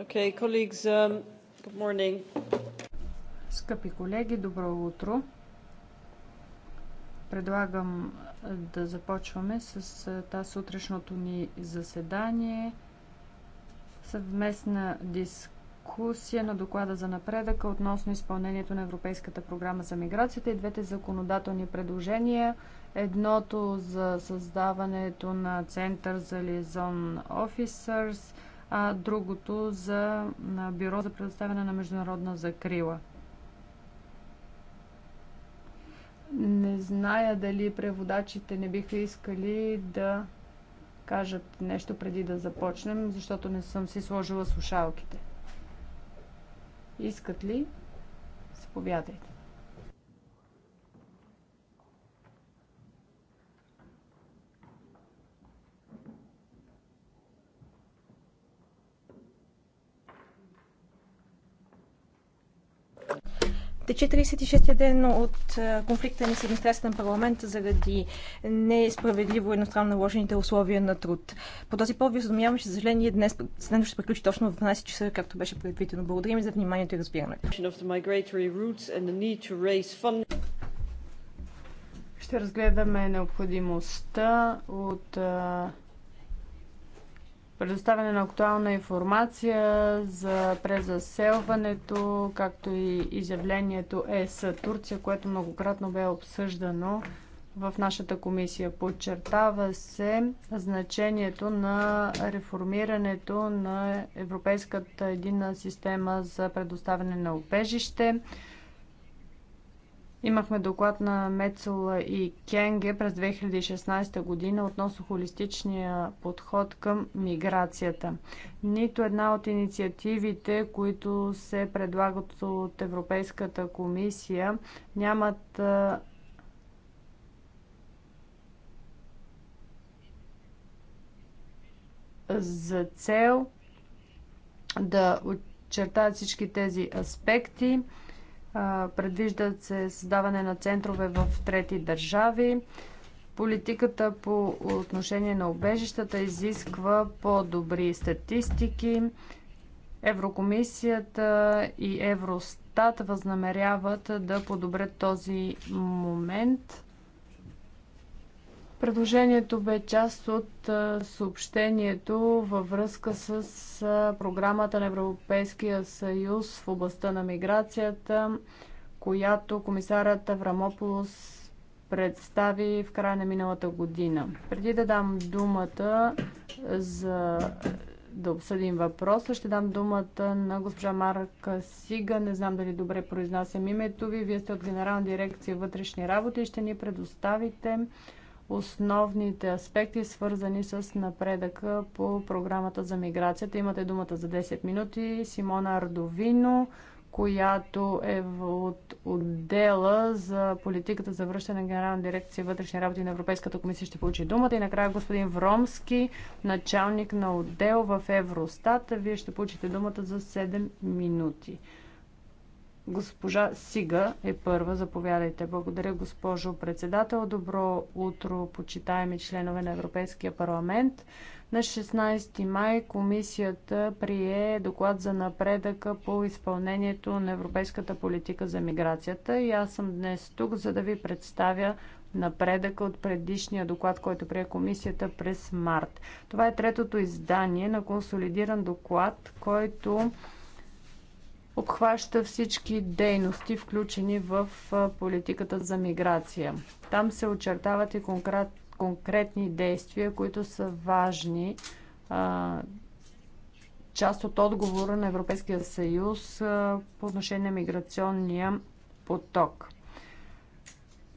Okay, colleagues, um, good morning. Скъпи колеги, добро утро. Предлагам да започваме с тази сутрешното ни заседание. Съвместна дискусия на доклада за напредъка относно изпълнението на Европейската програма за миграцията и двете законодателни предложения. Едното за създаването на Център за лизон офисърс – а другото за Бюро за предоставяне на международна закрила. Не зная дали преводачите не биха искали да кажат нещо преди да започнем, защото не съм си сложила слушалките. Искат ли? Заповядайте. Тече 36-я ден от е, конфликта ни с администрацията на парламента заради несправедливо едностранно наложените условия на труд. По този повод ви осъзнавам, че за съжаление днес следното ще приключи точно в 12 часа, както беше предвидено. Благодарим за вниманието и разбирането. Ще разгледаме необходимостта от е, предоставяне на актуална информация за презаселването, както и изявлението ЕС Турция, което многократно бе обсъждано в нашата комисия. Подчертава се значението на реформирането на Европейската единна система за предоставяне на убежище. Имахме доклад на Мецола и Кенге през 2016 година относно холистичния подход към миграцията. Нито една от инициативите, които се предлагат от Европейската комисия, нямат за цел да очертаят всички тези аспекти. Предвиждат се създаване на центрове в трети държави. Политиката по отношение на обежищата изисква по-добри статистики. Еврокомисията и Евростат възнамеряват да подобрят този момент. Предложението бе част от съобщението във връзка с програмата на Европейския съюз в областта на миграцията, която комисарът Аврамополос представи в края на миналата година. Преди да дам думата за да обсъдим въпроса, ще дам думата на госпожа Марка Сига. Не знам дали добре произнасям името ви. Вие сте от Генерална дирекция вътрешни работи и ще ни предоставите основните аспекти, свързани с напредъка по програмата за миграцията. Имате думата за 10 минути. Симона Ардовино, която е от отдела за политиката за връщане на Генерална дирекция вътрешни работи на Европейската комисия ще получи думата. И накрая господин Вромски, началник на отдел в Евростат. Вие ще получите думата за 7 минути. Госпожа Сига е първа. Заповядайте. Благодаря, госпожо председател. Добро утро, почитаеми членове на Европейския парламент. На 16 май комисията прие доклад за напредъка по изпълнението на европейската политика за миграцията и аз съм днес тук, за да ви представя напредъка от предишния доклад, който прие комисията през март. Това е третото издание на консолидиран доклад, който обхваща всички дейности, включени в политиката за миграция. Там се очертават и конкретни действия, които са важни част от отговора на Европейския съюз по отношение на миграционния поток.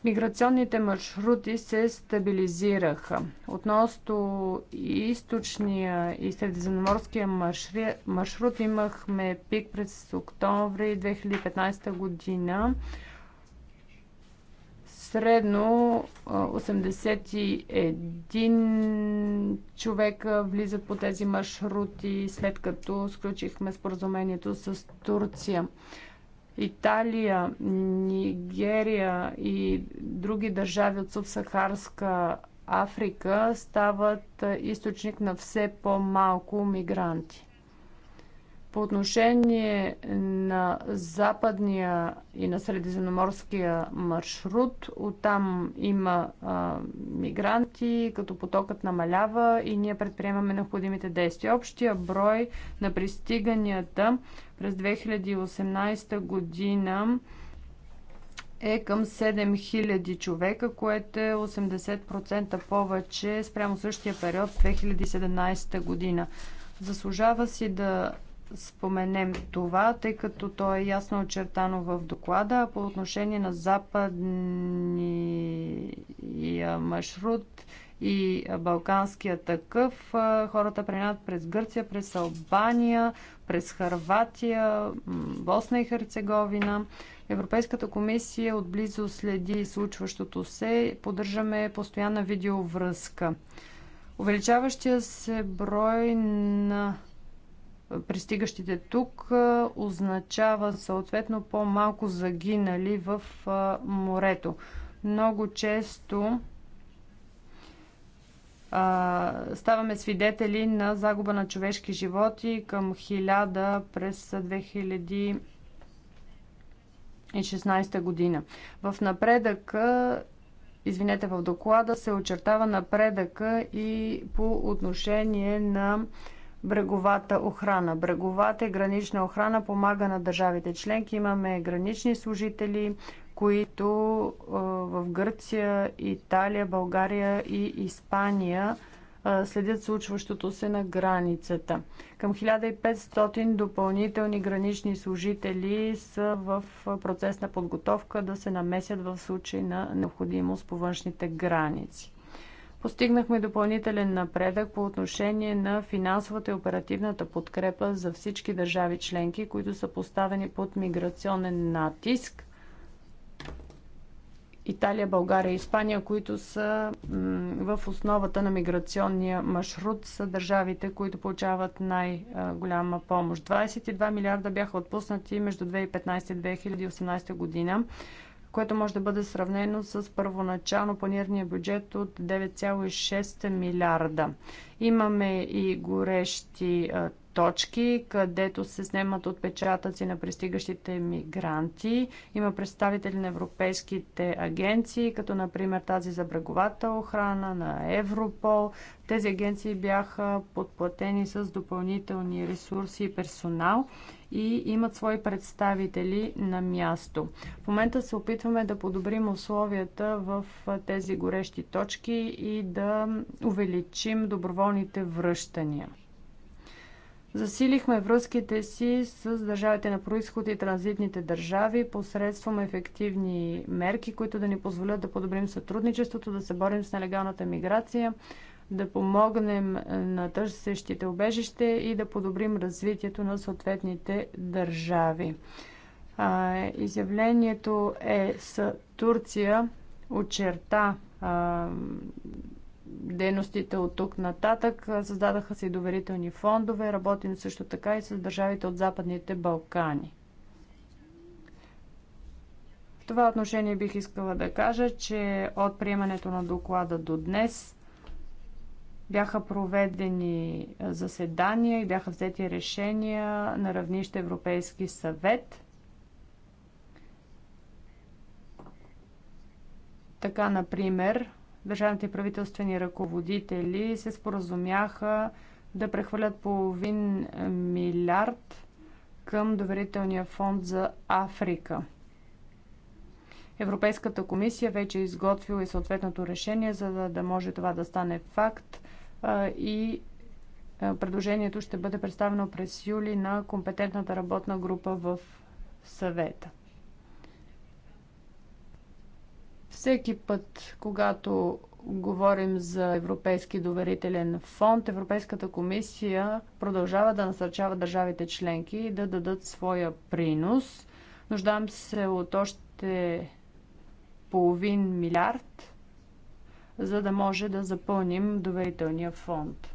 Миграционните маршрути се стабилизираха. Относно източния и средиземноморския маршрут имахме пик през октомври 2015 година. Средно 81 човека влизат по тези маршрути, след като сключихме споразумението с Турция. Италия, Нигерия и други държави от Субсахарска Африка стават източник на все по-малко мигранти. По отношение на западния и на средиземноморския маршрут, оттам има а, мигранти, като потокът намалява и ние предприемаме необходимите действия. Общия брой на пристиганията през 2018 година е към 7000 човека, което е 80% повече спрямо същия период 2017 година. Заслужава си да споменем това, тъй като то е ясно очертано в доклада. по отношение на западния маршрут и Балканския такъв. Хората преминават през Гърция, през Албания, през Харватия, Босна и Херцеговина. Европейската комисия отблизо следи случващото се. Поддържаме постоянна видеовръзка. Увеличаващия се брой на пристигащите тук означава съответно по-малко загинали в морето. Много често ставаме свидетели на загуба на човешки животи към 1000 през 2016 година. В напредъка извинете, в доклада се очертава напредъка и по отношение на бреговата охрана. Бреговата и гранична охрана помага на държавите членки. Имаме гранични служители, които в Гърция, Италия, България и Испания следят случващото се на границата. Към 1500 допълнителни гранични служители са в процес на подготовка да се намесят в случай на необходимост по външните граници. Постигнахме допълнителен напредък по отношение на финансовата и оперативната подкрепа за всички държави членки, които са поставени под миграционен натиск – Италия, България и Испания, които са в основата на миграционния маршрут, са държавите, които получават най-голяма помощ. 22 милиарда бяха отпуснати между 2015 и 2018 година, което може да бъде сравнено с първоначално планирания бюджет от 9,6 милиарда. Имаме и горещи точки, където се снемат отпечатъци на пристигащите мигранти. Има представители на европейските агенции, като например тази за бреговата охрана на Европол. Тези агенции бяха подплатени с допълнителни ресурси и персонал и имат свои представители на място. В момента се опитваме да подобрим условията в тези горещи точки и да увеличим доброволните връщания. Засилихме връзките си с държавите на происход и транзитните държави посредством ефективни мерки, които да ни позволят да подобрим сътрудничеството, да се борим с нелегалната миграция, да помогнем е, на търсещите обежище и да подобрим развитието на съответните държави. изявлението е с Турция очерта дейностите от тук нататък. Създадаха се и доверителни фондове. Работим също така и с държавите от Западните Балкани. В това отношение бих искала да кажа, че от приемането на доклада до днес бяха проведени заседания и бяха взети решения на равнище Европейски съвет. Така, например, държавните правителствени ръководители се споразумяха да прехвърлят половин е, милиард към доверителния фонд за Африка. Европейската комисия вече е изготвила и съответното решение, за да, да може това да стане факт и е, предложението ще бъде представено през юли на компетентната работна група в съвета. Всеки път, когато говорим за Европейски доверителен фонд, Европейската комисия продължава да насърчава държавите членки и да дадат своя принос. Нуждам се от още половин милиард, за да може да запълним доверителния фонд.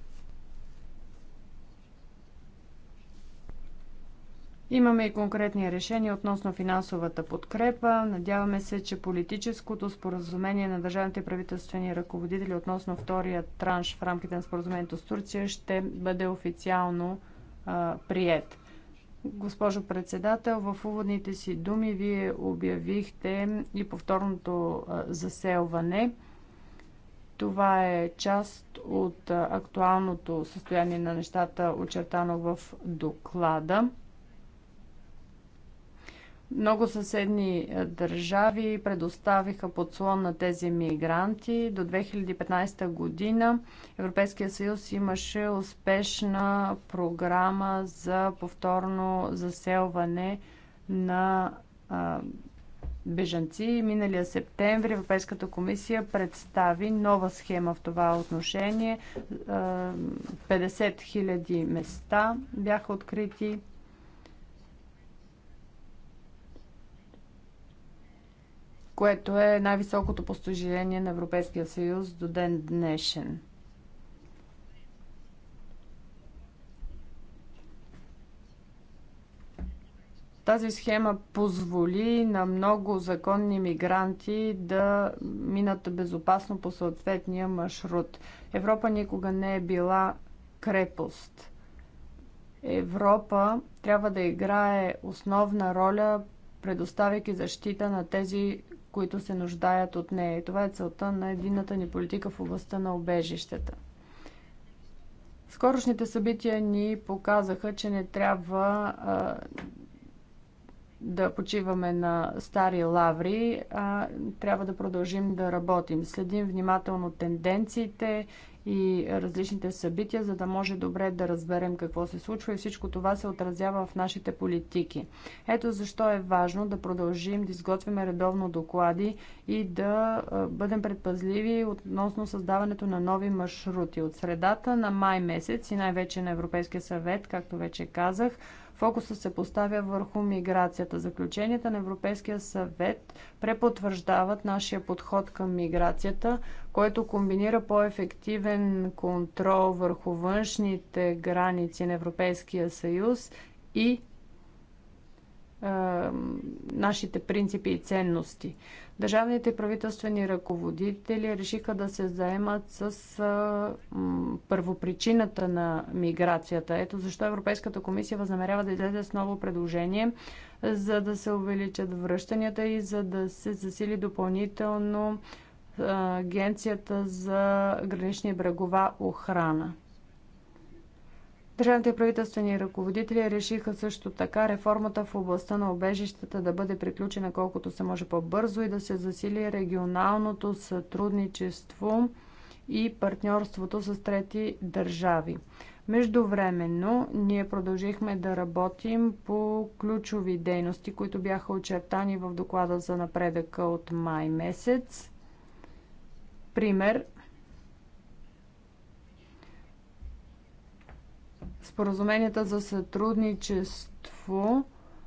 Имаме и конкретни решения относно финансовата подкрепа. Надяваме се, че политическото споразумение на държавните правителствени ръководители относно втория транш в рамките на споразумението с Турция ще бъде официално а, прият. Госпожо председател, в уводните си думи вие обявихте и повторното заселване. Това е част от актуалното състояние на нещата, очертано в доклада. Много съседни е, държави предоставиха подслон на тези мигранти. До 2015 година Европейския съюз имаше успешна програма за повторно заселване на а, бежанци. Миналия септември Европейската комисия представи нова схема в това отношение. 50 е, 000 места бяха открити което е най-високото постижение на Европейския съюз до ден днешен. Тази схема позволи на много законни мигранти да минат безопасно по съответния маршрут. Европа никога не е била крепост. Европа трябва да играе основна роля, предоставяйки защита на тези, които се нуждаят от нея. И това е целта на единната ни политика в областта на обежищата. Скорошните събития ни показаха, че не трябва а, да почиваме на стари лаври, а трябва да продължим да работим. Следим внимателно тенденциите и различните събития, за да може добре да разберем какво се случва и всичко това се отразява в нашите политики. Ето защо е важно да продължим да изготвяме редовно доклади и да бъдем предпазливи относно създаването на нови маршрути. От средата на май месец и най-вече на Европейския съвет, както вече казах, Фокуса се поставя върху миграцията. Заключенията на Европейския съвет препотвърждават нашия подход към миграцията, който комбинира по-ефективен контрол върху външните граници на Европейския съюз и нашите принципи и ценности. Държавните правителствени ръководители решиха да се заемат с първопричината на миграцията. Ето защо Европейската комисия възнамерява да излезе с ново предложение, за да се увеличат връщанията и за да се засили допълнително Агенцията за гранични брегова охрана. Държавните правителствени ръководители решиха също така реформата в областта на обежищата да бъде приключена колкото се може по-бързо и да се засили регионалното сътрудничество и партньорството с трети държави. Междувременно ние продължихме да работим по ключови дейности, които бяха очертани в доклада за напредъка от май месец. Пример споразуменията за сътрудничество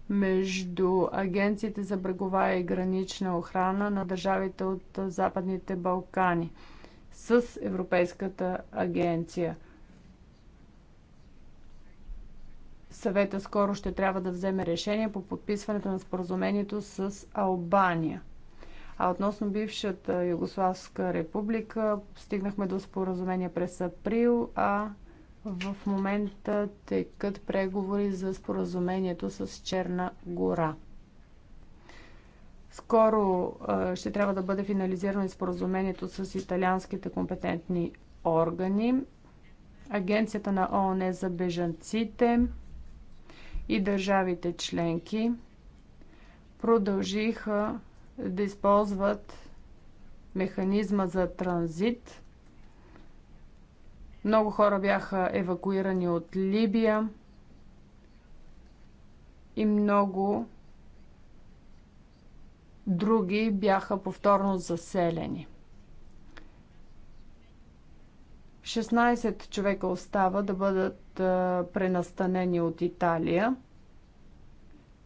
между агенциите за брегова и гранична охрана на държавите от Западните Балкани с Европейската агенция. Съвета скоро ще трябва да вземе решение по подписването на споразумението с Албания. А относно бившата Югославска република, стигнахме до споразумение през април, а в момента текат преговори за споразумението с Черна гора. Скоро ще трябва да бъде финализирано и споразумението с италианските компетентни органи, Агенцията на ООН за бежанците и държавите членки продължиха да използват механизма за транзит много хора бяха евакуирани от Либия и много други бяха повторно заселени. 16 човека остава да бъдат пренастанени от Италия,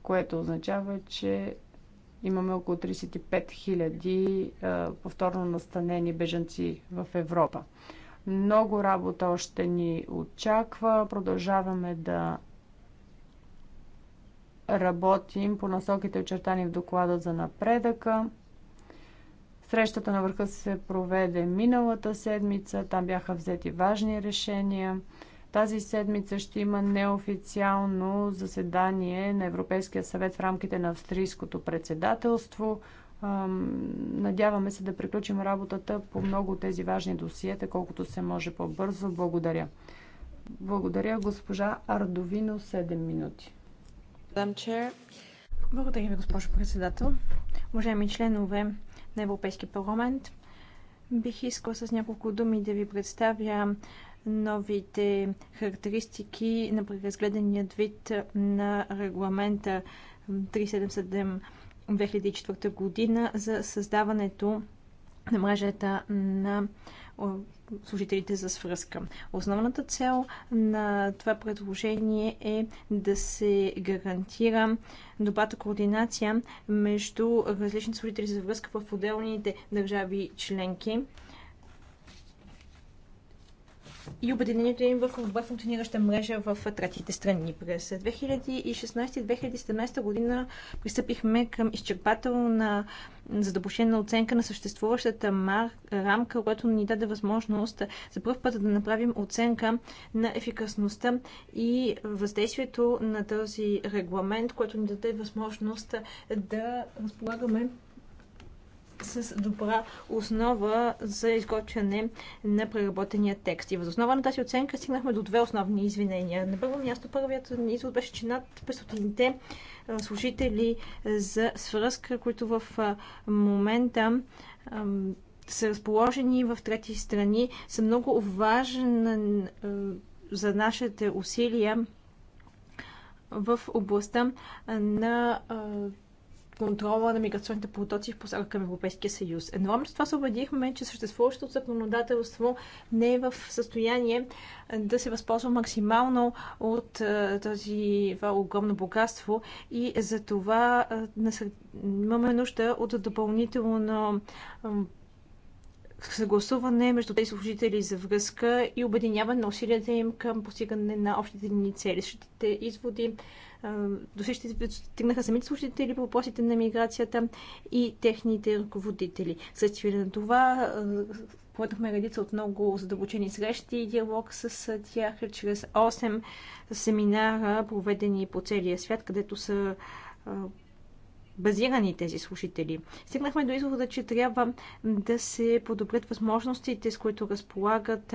което означава, че имаме около 35 000 повторно настанени бежанци в Европа. Много работа още ни очаква. Продължаваме да работим по насоките очертани в доклада за напредъка. Срещата на върха се проведе миналата седмица. Там бяха взети важни решения. Тази седмица ще има неофициално заседание на Европейския съвет в рамките на австрийското председателство. Надяваме се да приключим работата по много от тези важни досиета, колкото се може по-бързо. Благодаря. Благодаря, госпожа Ардовино, 7 минути. Благодаря ви, госпожо председател. Уважаеми членове на Европейския парламент, бих искала с няколко думи да ви представя новите характеристики на преразгледаният вид на регламента 377 2004 година за създаването на мрежата на служителите за свръзка. Основната цел на това предложение е да се гарантира добрата координация между различните служители за връзка в отделните държави членки, и обединението им в добре функционираща мрежа в третите страни. През 2016-2017 година пристъпихме към изчерпателна задълбочена оценка на съществуващата мар... рамка, която ни даде възможност за първ път да направим оценка на ефикасността и въздействието на този регламент, което ни даде възможност да разполагаме с добра основа за изготвяне на преработения текст. И възоснова на тази оценка стигнахме до две основни извинения. На първо място първият извод беше, че над 500-те служители за свръзка, които в момента са разположени в трети страни, са много важен за нашите усилия в областта на контрола на миграционните потоци в посока към Европейския съюз. Едновременно с това се убедихме, че съществуващото законодателство не е в състояние да се възползва максимално от този това огромно богатство и за това имаме нужда от допълнително съгласуване между тези служители за връзка и обединяване на усилията им към постигане на общите ни цели. Същите изводи до същите стигнаха самите служители по въпросите на миграцията и техните ръководители. Следствие на това поведохме редица от много задълбочени срещи и диалог с тях чрез 8 семинара, проведени по целия свят, където са базирани тези слушатели. Стигнахме до извода, че трябва да се подобрят възможностите, с които разполагат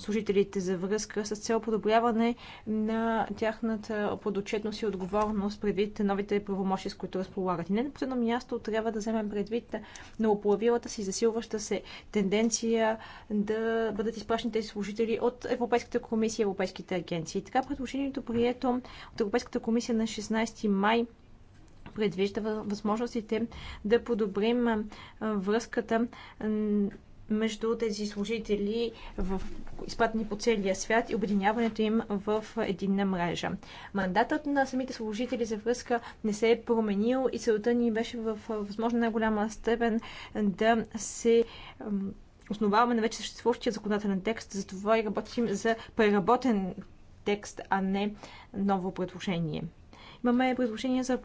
служителите за връзка с цел подобряване на тяхната подотчетност и отговорност предвид новите правомощи, с които разполагат. И не на последно място трябва да вземем предвид на оплавилата си засилваща се тенденция да бъдат изпращани тези служители от Европейската комисия и Европейските агенции. Така предложението прието от Европейската комисия на 16 май предвижда възможностите да подобрим връзката между тези служители в изпратени по целия свят и обединяването им в единна мрежа. Мандатът на самите служители за връзка не се е променил и целта ни беше в възможно най-голяма степен да се основаваме на вече съществуващия законодателен текст, затова и работим за преработен текст, а не ново предложение. Имаме предложения за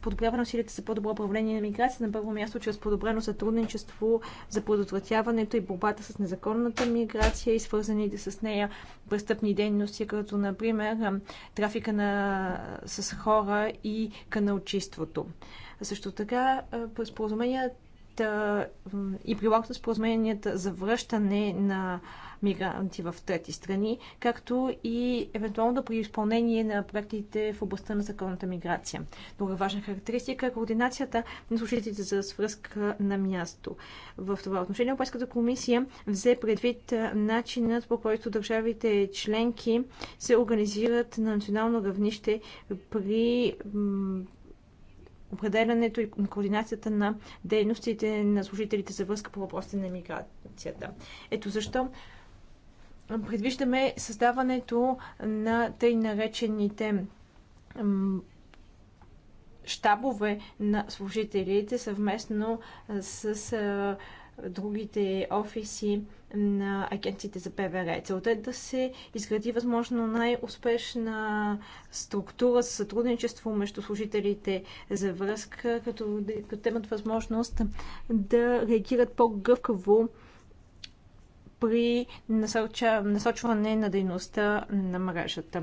подобряване на усилията за по-добро управление на миграция. На първо място, чрез подобрено сътрудничество за предотвратяването и борбата с незаконната миграция и свързаните с нея престъпни дейности, като, например, трафика на... с хора и каналчиството. Също така, споразуменията и прилагането на споразуменията за връщане на мигранти в трети страни, както и да при изпълнение на проектите в областта на законната миграция. Друга важна характеристика е координацията на служителите за свръзка на място. В това отношение Европейската комисия взе предвид начинът по който държавите членки се организират на национално равнище при определянето и координацията на дейностите на служителите за връзка по въпросите на миграцията. Ето защо предвиждаме създаването на тъй наречените щабове на служителите съвместно с другите офиси на агенциите за ПВР. Целта е да се изгради възможно най-успешна структура за сътрудничество между служителите за връзка, като, като имат възможност да реагират по-гъвкаво при насърча, насочване на дейността на мрежата.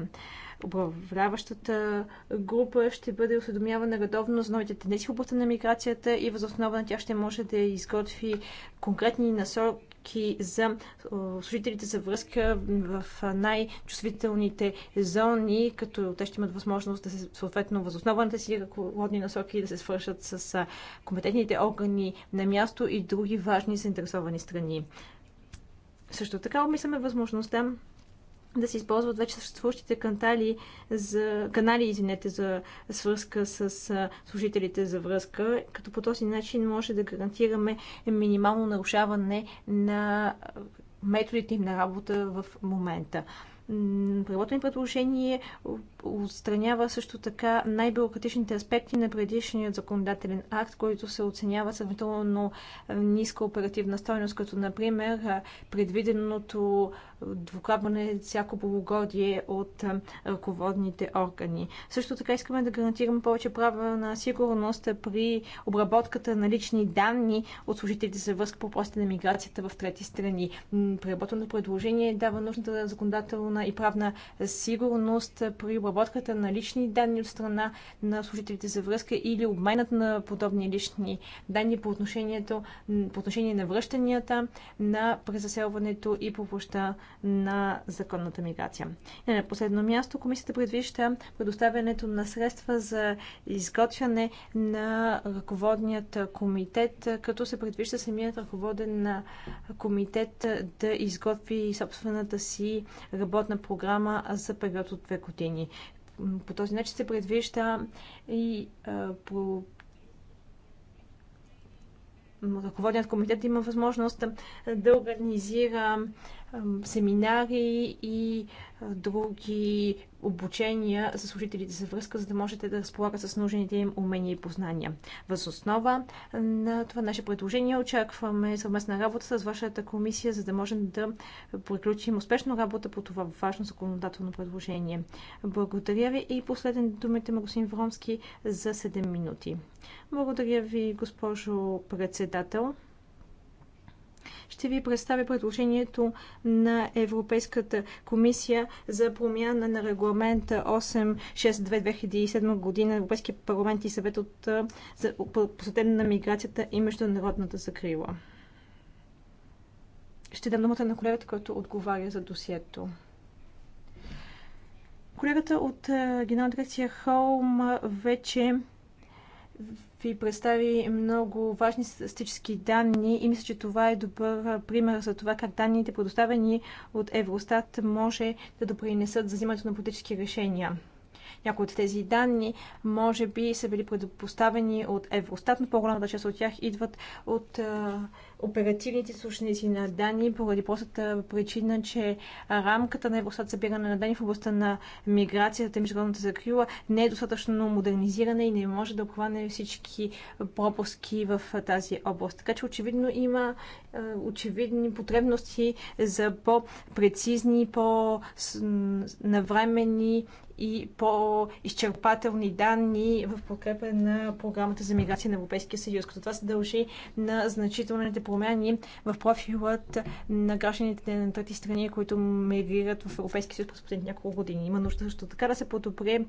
Управляващата група ще бъде осведомявана редовно за новите тенденции в областта на миграцията и възоснова на тя ще може да изготви конкретни насоки за служителите за връзка в най-чувствителните зони, като те ще имат възможност да се съответно възоснова на си ръководни насоки да се свършат с компетентните органи на място и други важни заинтересовани страни. Също така обмисляме възможността да се използват вече съществуващите кантали за, канали извинете, за свързка с служителите за връзка, като по този начин може да гарантираме минимално нарушаване на методите им на работа в момента. Преработено предложение отстранява също така най-бюрократичните аспекти на предишния законодателен акт, който се оценява сравнително ниска оперативна стойност, като например предвиденото докладване всяко полугодие от ръководните органи. Също така искаме да гарантираме повече права на сигурност при обработката на лични данни от служителите за връзка по простите на миграцията в трети страни. Преработеното предложение дава нужната законодателна социална и правна сигурност при обработката на лични данни от страна на служителите за връзка или обменът на подобни лични данни по, отношението, по отношение на връщанията, на презаселването и по площа на законната миграция. И на последно място комисията предвижда предоставянето на средства за изготвяне на ръководният комитет, като се предвижда самият ръководен комитет да изготви собствената си работна работна програма за период от две години. По този начин се предвижда и а, по ръководният комитет има възможност да организира семинари и други обучения за служителите за връзка, за да можете да разполагат с нужните им умения и познания. Въз основа на това наше предложение очакваме съвместна работа с вашата комисия, за да можем да приключим успешно работа по това важно законодателно предложение. Благодаря ви и последен думите му господин Вромски за 7 минути. Благодаря ви, госпожо председател ще ви представя предложението на Европейската комисия за промяна на регламента 862-2007 година Европейския парламент и съвет от посетен на миграцията и международната закрила. Ще дам думата на колегата, който отговаря за досието. Колегата от Генерална дирекция Холм вече ви представи много важни статистически данни и мисля, че това е добър пример за това как данните, предоставени от Евростат, може да допринесат за взимането на политически решения. Някои от тези данни може би са били предпоставени от Евростат, но по-голямата част от тях идват от оперативните слушници на данни, поради простата причина, че рамката на Евростат събиране на данни в областта на миграцията и международната закрила не е достатъчно модернизирана и не може да обхване всички пропуски в тази област. Така че очевидно има е, очевидни потребности за по-прецизни, по-навремени и по-изчерпателни данни в подкрепа на програмата за миграция на Европейския съюз, като това се дължи на значителните промени в профилът на гражданите на трети страни, които мигрират в Европейския съюз през последните няколко години. Има нужда също така да се подобре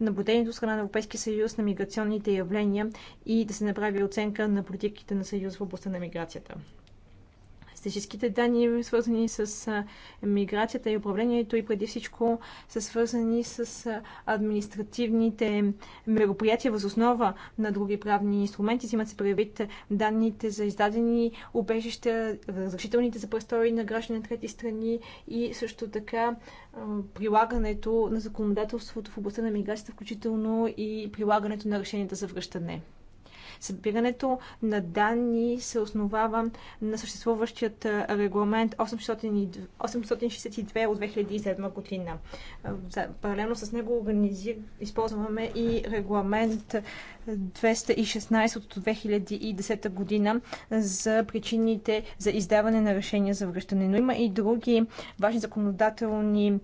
наблюдението от страна на Европейския съюз на миграционните явления и да се направи оценка на политиките на съюз в областта на миграцията. Статистическите данни, свързани с миграцията и управлението и преди всичко са свързани с административните мероприятия въз основа на други правни инструменти. Взимат се предвид данните за издадени убежища, разрешителните за престой на граждани на трети страни и също така прилагането на законодателството в областта на миграцията, включително и прилагането на решенията за връщане. Събирането на данни се основава на съществуващият регламент 862 от 2007 година. Паралелно с него организир... използваме и регламент 216 от 2010 година за причините за издаване на решения за връщане. Но има и други важни законодателни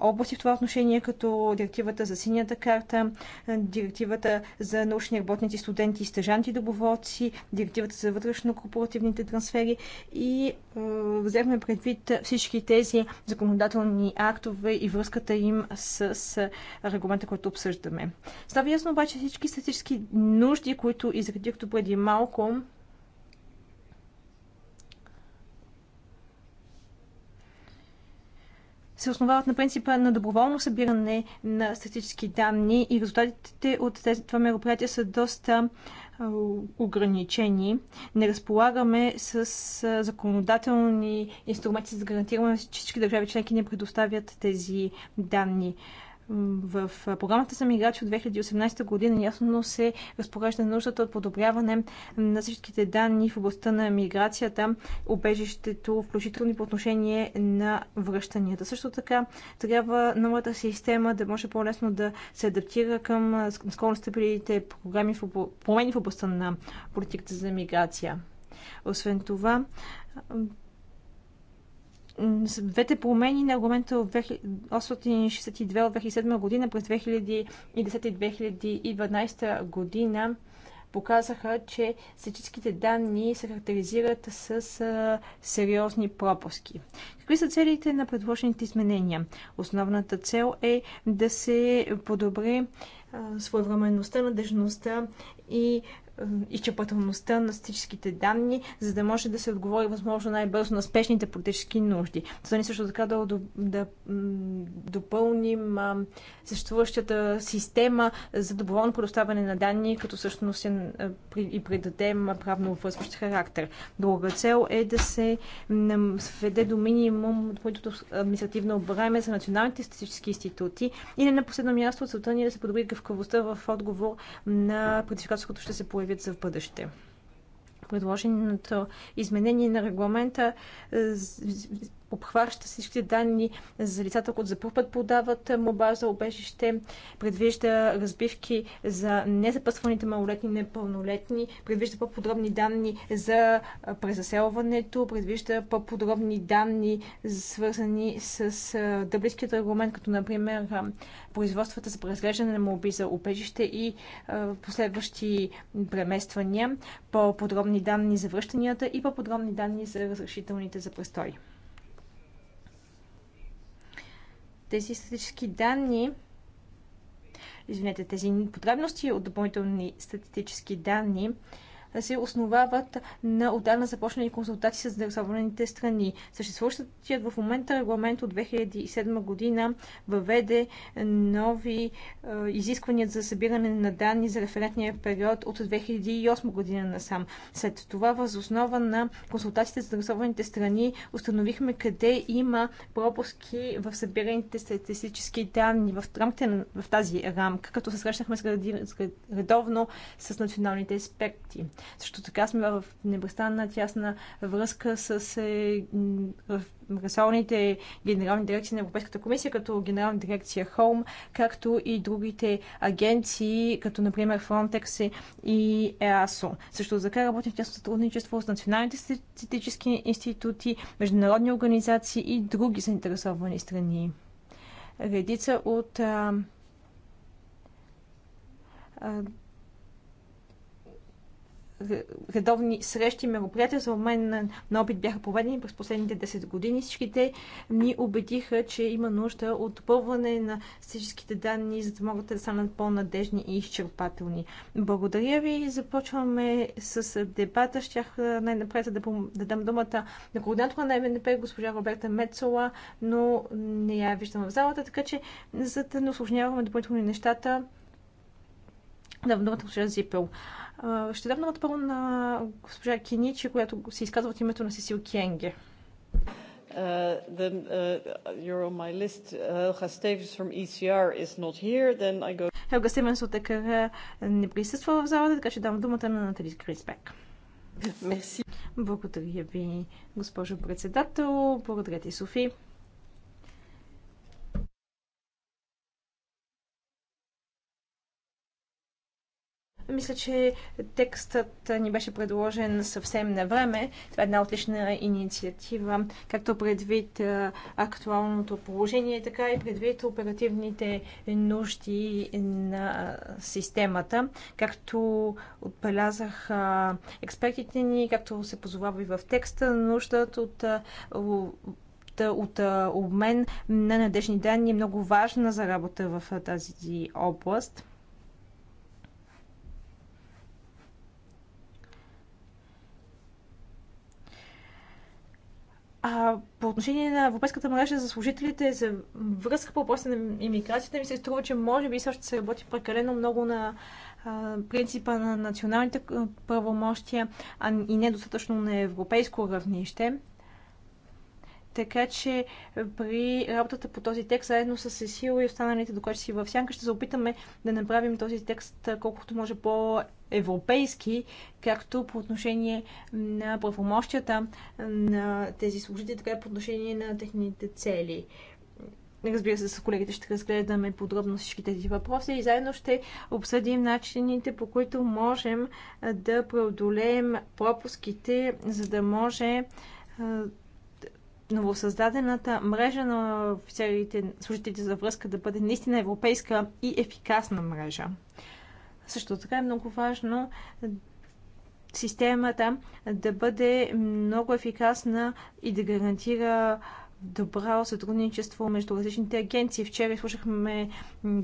области в това отношение, като директивата за синята карта, директивата за научни работници и студенти студенти, стъжанти, доброволци, директивата за вътрешно-корпоративните трансфери и е, взехме предвид всички тези законодателни актове и връзката им с, с регламента, който обсъждаме. Става ясно обаче всички статистически нужди, които изредих преди малко, се основават на принципа на доброволно събиране на статически данни и резултатите от тези това мероприятие са доста ограничени. Не разполагаме с законодателни инструменти за да гарантираме, че всички държави членки не предоставят тези данни. В програмата за миграция от 2018 година ясно се разпорежда нуждата от подобряване на всичките данни в областта на миграцията, обежището, включително и по отношение на връщанията. Също така трябва новата система да може по-лесно да се адаптира към скоро настъпилите програми в промени в областта на политиката за миграция. Освен това, двете промени на регламента от 862 от 2007 година през 2010 и 2012 година показаха, че статическите данни се характеризират с а, сериозни пропуски. Какви са целите на предложените изменения? Основната цел е да се подобри своевременността, надежността и изчерпателността на статистическите данни, за да може да се отговори възможно най-бързо на спешните политически нужди. За ни също така да, да, да допълним а, съществуващата система за доброволно предоставяне на данни, като всъщност е, е, и придадем правно обвързващ характер. Друга цел е да се сведе до минимум допълнителното административно обраме за националните статистически институти и не на последно място целта ни е да се подобри гъвкавостта в отговор на предизвикателството ще се появи появят за в бъдеще. Предложеното изменение на регламента е, обхваща всички данни за лицата, които за първ път подават моба за обежище, предвижда разбивки за незапъсваните малолетни и непълнолетни, предвижда по-подробни данни за презаселването, предвижда по-подробни данни свързани с дъблинският регламент, като например производствата за преразглеждане на моби за обежище и последващи премествания, по-подробни данни за връщанията и по-подробни данни за разрешителните за престой. тези статистически данни, извинете, тези потребности от допълнителни статистически данни се основават на отдавна започнали консултации с заинтересованите страни. Съществуващият в момента регламент от 2007 година въведе нови е, изисквания за събиране на данни за референтния период от 2008 година насам. След това, въз основа на консултациите с заинтересованите страни, установихме къде има пропуски в събираните статистически данни в рамките в тази рамка, като се срещнахме с редовно с националните експерти. Също така сме в непрестанна тясна връзка с е, ресорните генерални дирекции на Европейската комисия, като генерална дирекция Home, както и другите агенции, като например Frontex и EASO. Също така работим в тясно сътрудничество с националните статистически институти, международни организации и други заинтересовани страни. Редица от а, а, редовни срещи мероприятия за обмен на, на опит бяха проведени през последните 10 години. Всичките ни убедиха, че има нужда от допълване на статистическите данни, за да могат да станат по-надежни и изчерпателни. Благодаря ви. Започваме с дебата. Щях най-напред да, да дам думата на координатора на МНП, госпожа Роберта Мецола, но не я виждам в залата, така че за да не осложняваме допълнителни нещата, на думата госпожа Зипел. Ще дам думата първо на госпожа Киничи, която се изказва от името на Сесил Кенге. Uh, then uh, you're on my list. Uh, Helga Stevens from ECR is not here. Then I go. Helga Stevens от ЕКР не присъства в залата, така че дам думата на Натали Крисбек. Благодаря ви, госпожо председател. Благодаря ти, Софи. Мисля, че текстът ни беше предложен съвсем на време. Това е една отлична инициатива, както предвид актуалното положение, така и предвид оперативните нужди на системата. Както отбелязах експертите ни, както се позовава и в текста, нуждата от от обмен на надежни данни е много важна за работа в тази област. А по отношение на Европейската мрежа за служителите, за връзка по въпроса на иммиграцията, ми се струва, че може би също се работи прекалено много на принципа на националните правомощия а, и недостатъчно на европейско равнище. Така че е, при работата по този текст, заедно с Сесил и останалите докладчици в Сянка, ще се опитаме да направим този текст е, колкото може по-европейски, както по отношение на правомощията на тези служители, така и по отношение на техните цели. Разбира се, с колегите ще разгледаме подробно всички тези въпроси и заедно ще обсъдим начините, по които можем е, да преодолеем пропуските, за да може новосъздадената мрежа на офицерите, служителите за връзка да бъде наистина европейска и ефикасна мрежа. Също така е много важно системата да бъде много ефикасна и да гарантира добро сътрудничество между различните агенции. Вчера слушахме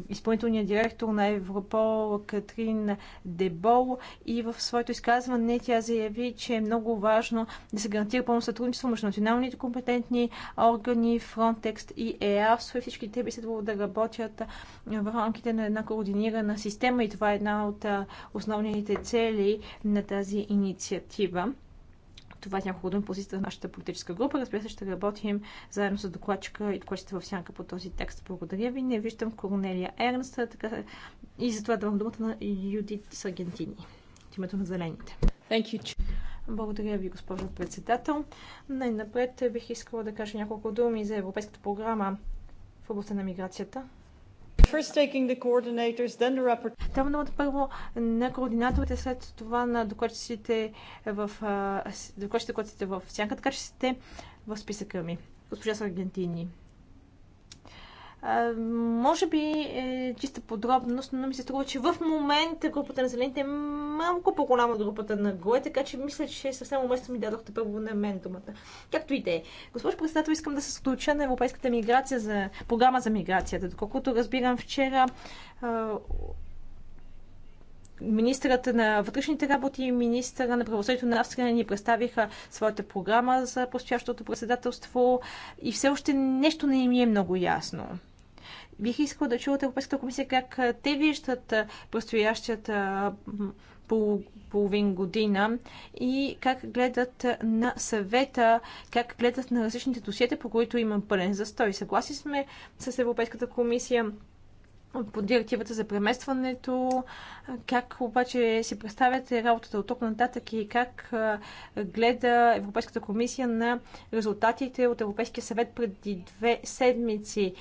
изпълнителния директор на Европол Катрин Дебол и в своето изказване тя заяви, че е много важно да се гарантира пълно сътрудничество между националните компетентни органи, Frontex и EASO и всички те би следвало да работят в рамките на една координирана система и това е една от основните цели на тази инициатива. Това е няколко думи позицията на нашата политическа група. Разбира се, ще работим заедно с докладчика и докладчите в сянка по този текст. Благодаря ви. Не виждам Корнелия Ернст. Така... И затова давам думата на Юдит Сагентини. От името на зелените. Thank you. Благодаря ви, госпожо председател. Най-напред бих искала да кажа няколко думи за Европейската програма в областта на миграцията. The Давам думата първо на координаторите, след това на докладчиците в, докладчиците, в сянка, така че сте в списъка ми. Госпожа Саргентини може би е чиста подробност, но ми се струва, че в момента групата на зелените е малко по-голяма от групата на гое, така че мисля, че съвсем уместно ми дадохте първо на мен думата. Както и да е. Госпожо председател, искам да се случа на Европейската миграция за програма за миграцията. Доколкото разбирам вчера министърът на вътрешните работи и министъра на правосъдието на Австрия ни представиха своята програма за постоящото председателство и все още нещо не ми е много ясно. Бих искал да чуя от Европейската комисия как те виждат предстоящата пол, половин година и как гледат на съвета, как гледат на различните досиета, по които има пълен застой. Съгласи сме с Европейската комисия по директивата за преместването. Как обаче си представяте работата от тук нататък и как гледа Европейската комисия на резултатите от Европейския съвет преди две седмици?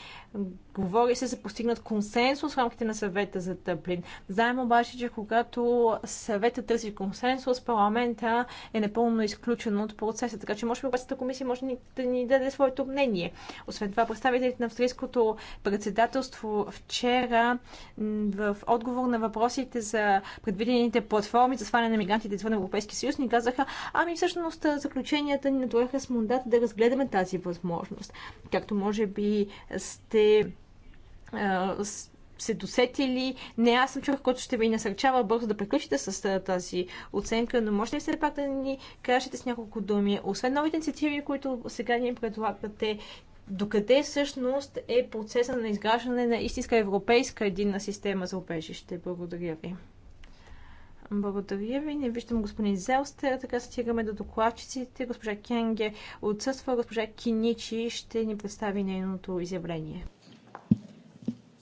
Говори се за постигнат консенсус в рамките на съвета за Тъплин. Знаем обаче, че когато съвета търси консенсус, парламента е напълно изключен от процеса. Така че може би Европейската комисия може да ни даде своето мнение. Освен това, представителите на австрийското председателство вчера вчера в отговор на въпросите за предвидените платформи за сваляне на мигрантите извън Европейския съюз ни казаха, ами всъщност заключенията ни натоваха с мандат да разгледаме тази възможност. Както може би сте се досетили. Не аз съм човек, който ще ви насърчава бързо да приключите с тази оценка, но може ли все пак да ни кажете с няколко думи, освен новите инициативи, които сега ни предлагате, докъде всъщност е процеса на изграждане на истинска европейска единна система за обежище. Благодаря ви. Благодаря ви. Не виждам господин Зелстер. Така стигаме до докладчиците. Госпожа Кенге отсъства. Госпожа Киничи ще ни представи нейното изявление.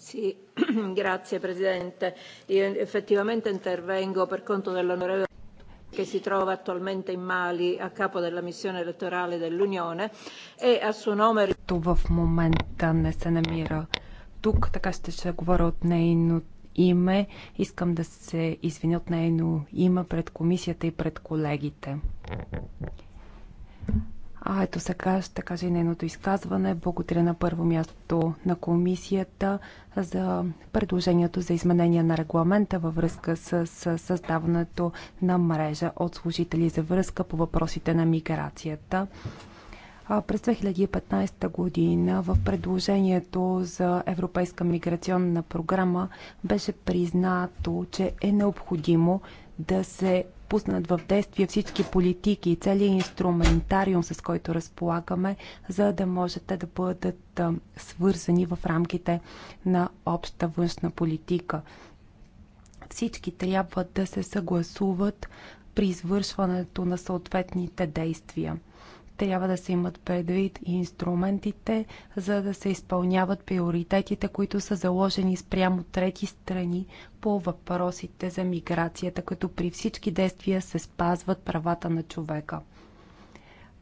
Sì, grazie Presidente. Io effettivamente intervengo per conto dell'onorevole che si trova attualmente in Mali a capo della missione elettorale dell'Unione e a suo nome... Ту в момента не се намира тук, така ще, ще говоря от нейно име. Искам да се извиня от нейно име пред комисията и пред колегите. А ето сега ще кажа и нейното изказване. Благодаря на първо място на комисията за предложението за изменение на регламента във връзка с, създаването на мрежа от служители за връзка по въпросите на миграцията. през 2015 година в предложението за Европейска миграционна програма беше признато, че е необходимо да се пуснат в действие всички политики и целият инструментариум, с който разполагаме, за да може те да бъдат свързани в рамките на обща външна политика. Всички трябва да се съгласуват при извършването на съответните действия трябва да се имат предвид и инструментите, за да се изпълняват приоритетите, които са заложени спрямо трети страни по въпросите за миграцията, като при всички действия се спазват правата на човека.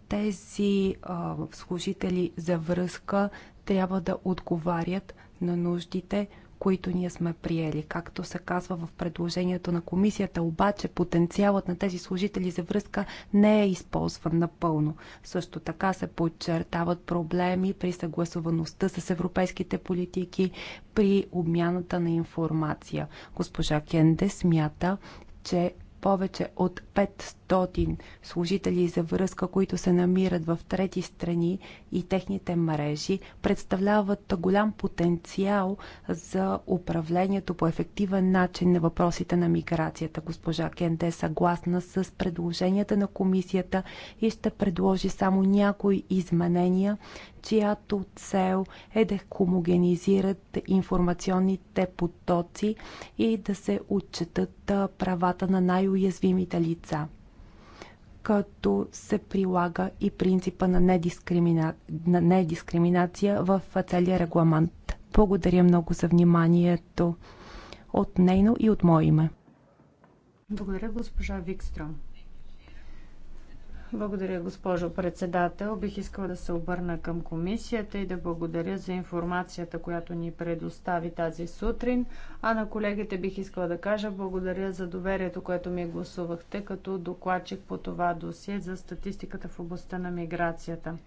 Тези а, служители за връзка трябва да отговарят на нуждите, които ние сме приели. Както се казва в предложението на комисията, обаче потенциалът на тези служители за връзка не е използван напълно. Също така се подчертават проблеми при съгласуваността с европейските политики, при обмяната на информация. Госпожа Кенде смята, че повече от 500 500 служители за връзка, които се намират в трети страни и техните мрежи, представляват голям потенциал за управлението по ефективен начин на въпросите на миграцията. Госпожа Кенте е съгласна с предложенията на комисията и ще предложи само някои изменения, чиято цел е да хомогенизират информационните потоци и да се отчетат правата на най-уязвимите лица като се прилага и принципа на, недискримина... на недискриминация в целия регламент. Благодаря много за вниманието от нейно и от мое име. Благодаря, госпожа Викстром. Благодаря, госпожо председател. Бих искала да се обърна към комисията и да благодаря за информацията, която ни предостави тази сутрин. А на колегите бих искала да кажа благодаря за доверието, което ми гласувахте като докладчик по това досие за статистиката в областта на миграцията.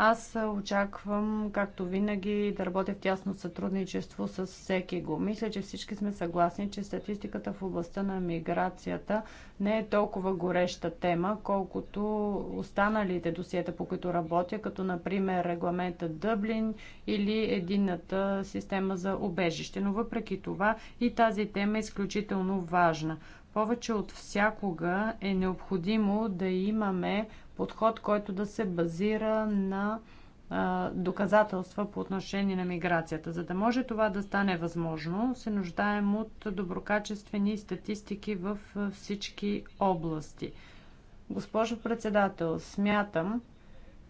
Аз очаквам, както винаги, да работя в тясно сътрудничество с всеки го. Мисля, че всички сме съгласни, че статистиката в областта на миграцията не е толкова гореща тема, колкото останалите досиета, по които работя, като например регламента Дъблин или единната система за обежище. Но въпреки това и тази тема е изключително важна. Повече от всякога е необходимо да имаме подход, който да се базира на доказателства по отношение на миграцията. За да може това да стане възможно, се нуждаем от доброкачествени статистики в всички области. Госпожо председател, смятам,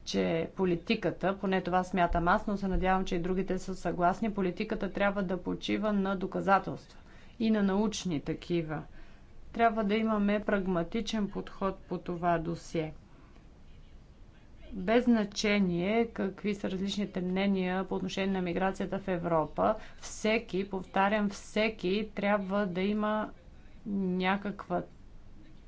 че политиката, поне това смятам аз, но се надявам, че и другите са съгласни, политиката трябва да почива на доказателства и на научни такива. Трябва да имаме прагматичен подход по това досие без значение какви са различните мнения по отношение на миграцията в Европа, всеки, повтарям, всеки трябва да има някаква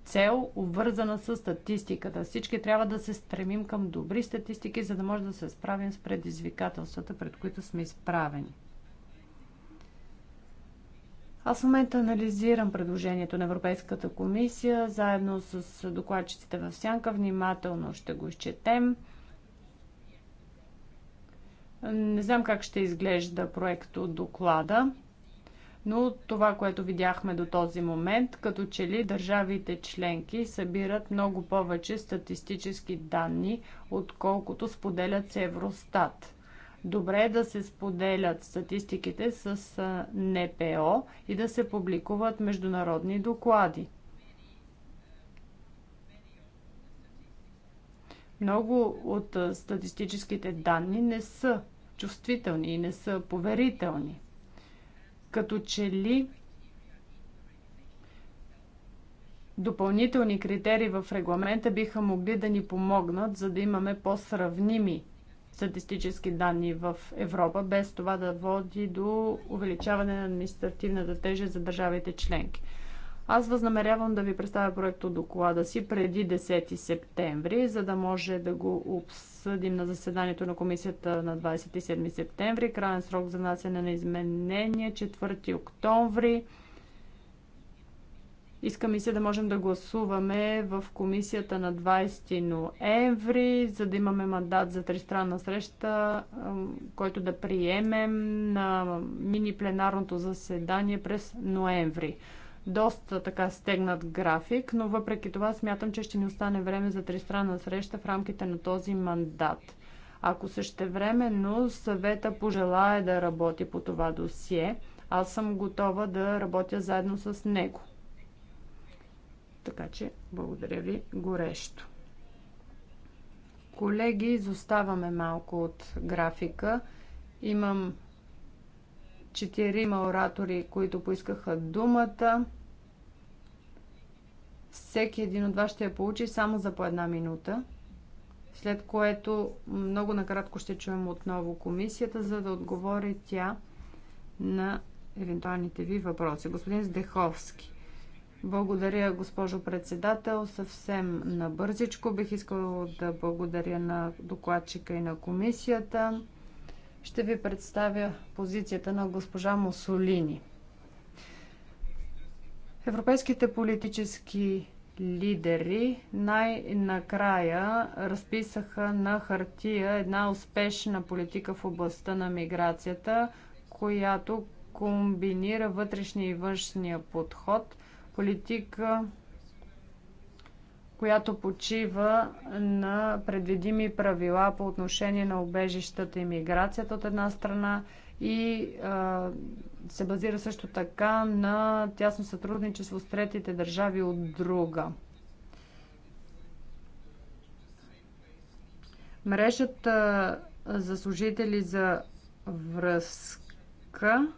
цел, обвързана с статистиката. Всички трябва да се стремим към добри статистики, за да може да се справим с предизвикателствата, пред които сме изправени. Аз в момента анализирам предложението на Европейската комисия, заедно с докладчиците в Сянка. Внимателно ще го изчетем. Не знам как ще изглежда проект от доклада, но това, което видяхме до този момент, като че ли държавите членки събират много повече статистически данни, отколкото споделят с Евростат. Добре е да се споделят статистиките с НПО и да се публикуват международни доклади. Много от статистическите данни не са чувствителни и не са поверителни. Като че ли допълнителни критерии в регламента биха могли да ни помогнат, за да имаме по-сравними статистически данни в Европа, без това да води до увеличаване на административната тежест за държавите членки. Аз възнамерявам да ви представя проект от доклада си преди 10 септември, за да може да го обсъдим на заседанието на комисията на 27 септември. Крайен срок за насене на изменение 4 октомври. Иска ми се да можем да гласуваме в комисията на 20 ноември, за да имаме мандат за тристранна среща, който да приемем на мини пленарното заседание през ноември. Доста така стегнат график, но въпреки това смятам, че ще ни остане време за тристранна среща в рамките на този мандат. Ако същевременно съвета пожелая да работи по това досие, аз съм готова да работя заедно с него. Така че благодаря ви горещо. Колеги, изоставаме малко от графика. Имам четирима оратори, които поискаха думата. Всеки един от вас ще я получи само за по една минута, след което много накратко ще чуем отново комисията, за да отговори тя на евентуалните ви въпроси. Господин Здеховски. Благодаря, госпожо председател. Съвсем набързичко бих искала да благодаря на докладчика и на комисията. Ще ви представя позицията на госпожа Мусолини. Европейските политически лидери най-накрая разписаха на хартия една успешна политика в областта на миграцията, която комбинира вътрешния и външния подход – Политика, която почива на предвидими правила по отношение на убежищата и миграцията от една страна и а, се базира също така на тясно сътрудничество с третите държави от друга. Мрежата за служители за връзка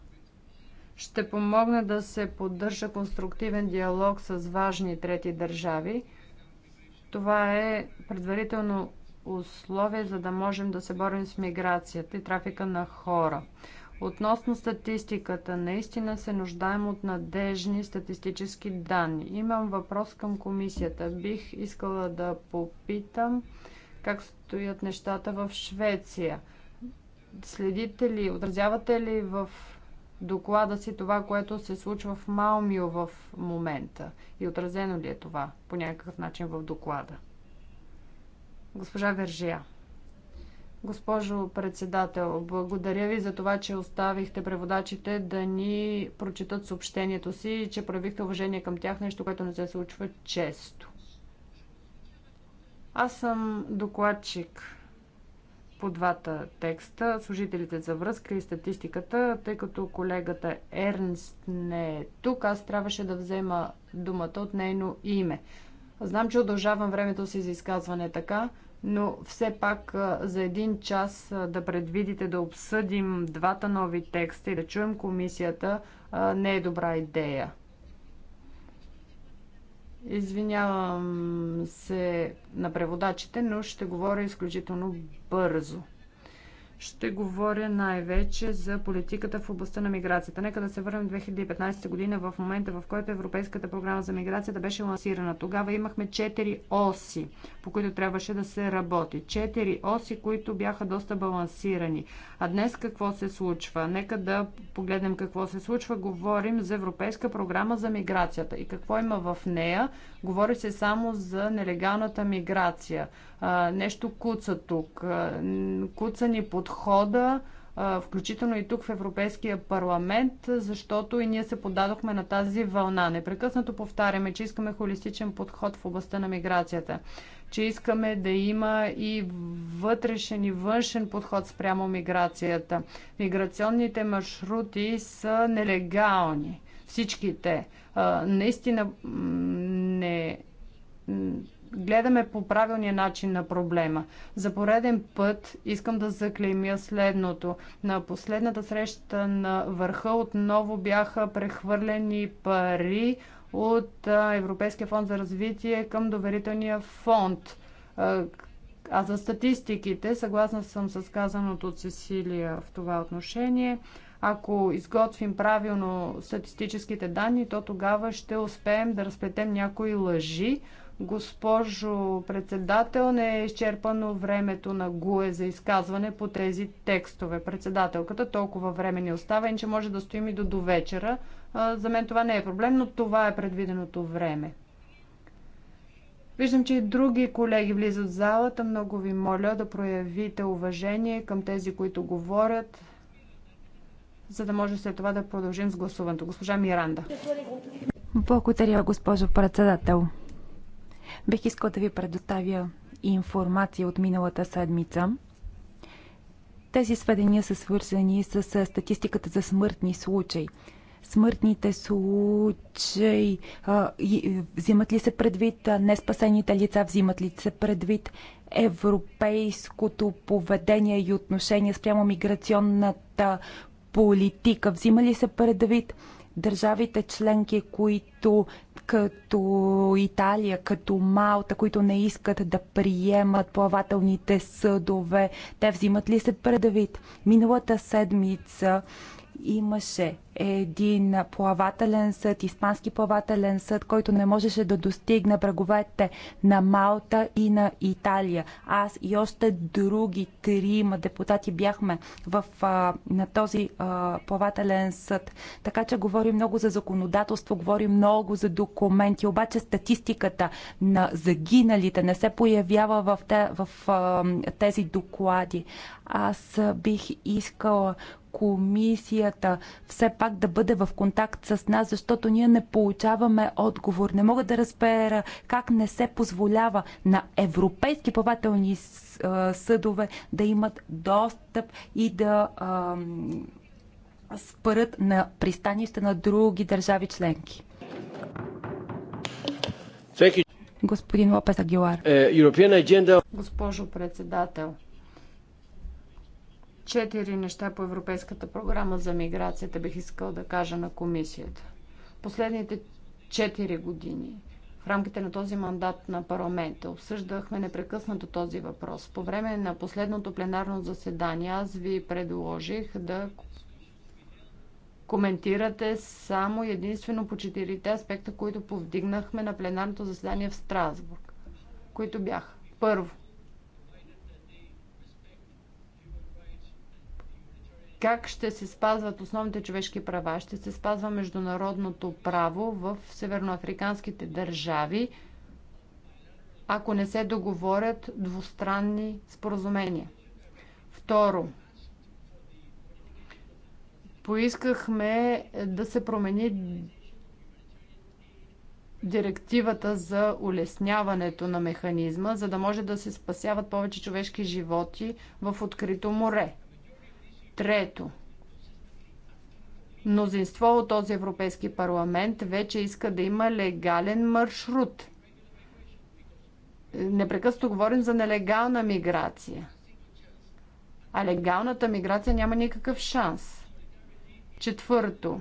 ще помогне да се поддържа конструктивен диалог с важни трети държави. Това е предварително условие, за да можем да се борим с миграцията и трафика на хора. Относно статистиката, наистина се нуждаем от надежни статистически данни. Имам въпрос към комисията. Бих искала да попитам как стоят нещата в Швеция. Следите ли, отразявате ли в доклада си това, което се случва в Малмио в момента? И отразено ли е това по някакъв начин в доклада? Госпожа Вержия. Госпожо председател, благодаря ви за това, че оставихте преводачите да ни прочитат съобщението си и че проявихте уважение към тях, нещо, което не се случва често. Аз съм докладчик по двата текста, служителите за връзка и статистиката, тъй като колегата Ернст не е тук, аз трябваше да взема думата от нейно име. Знам, че удължавам времето си за изказване така, но все пак за един час да предвидите да обсъдим двата нови текста и да чуем комисията не е добра идея. Извинявам се на преводачите, но ще говоря изключително бързо ще говоря най-вече за политиката в областта на миграцията. Нека да се върнем 2015 година в момента, в който Европейската програма за миграцията беше лансирана. Тогава имахме 4 оси, по които трябваше да се работи. 4 оси, които бяха доста балансирани. А днес какво се случва? Нека да погледнем какво се случва. Говорим за Европейска програма за миграцията. И какво има в нея? Говори се само за нелегалната миграция нещо куца тук. Куца ни подхода, включително и тук в Европейския парламент, защото и ние се подадохме на тази вълна. Непрекъснато повтаряме, че искаме холистичен подход в областта на миграцията, че искаме да има и вътрешен и външен подход спрямо миграцията. Миграционните маршрути са нелегални. Всичките. Наистина не гледаме по правилния начин на проблема. За пореден път искам да заклеймя следното. На последната среща на върха отново бяха прехвърлени пари от Европейския фонд за развитие към доверителния фонд. А за статистиките, съгласна съм с казаното от Сесилия в това отношение, ако изготвим правилно статистическите данни, то тогава ще успеем да разплетем някои лъжи, Госпожо председател, не е изчерпано времето на ГУЕ за изказване по тези текстове. Председателката толкова време ни остава, иначе може да стоим и до довечера. За мен това не е проблем, но това е предвиденото време. Виждам, че и други колеги влизат в залата. Много ви моля да проявите уважение към тези, които говорят, за да може след това да продължим с гласуването. Госпожа Миранда. Благодаря, госпожо председател. Бих искал да ви предоставя информация от миналата седмица. Тези сведения са свързани с статистиката за смъртни случаи. Смъртните случаи а, и, взимат ли се предвид, а, неспасените лица взимат ли се предвид, европейското поведение и отношение спрямо миграционната политика взима ли се предвид, държавите членки, които като Италия, като Малта, които не искат да приемат плавателните съдове, те взимат ли се предвид? Миналата седмица имаше един плавателен съд, испански плавателен съд, който не можеше да достигне бреговете на Малта и на Италия. Аз и още други трима депутати бяхме в, а, на този а, плавателен съд. Така че говори много за законодателство, говори много за документи, обаче статистиката на загиналите не се появява в, те, в а, тези доклади. Аз бих искала комисията все пак да бъде в контакт с нас, защото ние не получаваме отговор. Не мога да разбера как не се позволява на европейски плавателни съдове да имат достъп и да спрат на пристанища на други държави членки. Господин Лопес Агилар. Е, Госпожо председател, четири неща по Европейската програма за миграцията бих искал да кажа на комисията. Последните четири години в рамките на този мандат на парламента обсъждахме непрекъснато този въпрос. По време на последното пленарно заседание аз ви предложих да коментирате само единствено по четирите аспекта, които повдигнахме на пленарното заседание в Страсбург, които бяха. Първо, как ще се спазват основните човешки права, ще се спазва международното право в северноафриканските държави, ако не се договорят двустранни споразумения. Второ, поискахме да се промени директивата за улесняването на механизма, за да може да се спасяват повече човешки животи в открито море. Трето, мнозинство от този Европейски парламент вече иска да има легален маршрут. Непрекъснато говорим за нелегална миграция. А легалната миграция няма никакъв шанс. Четвърто,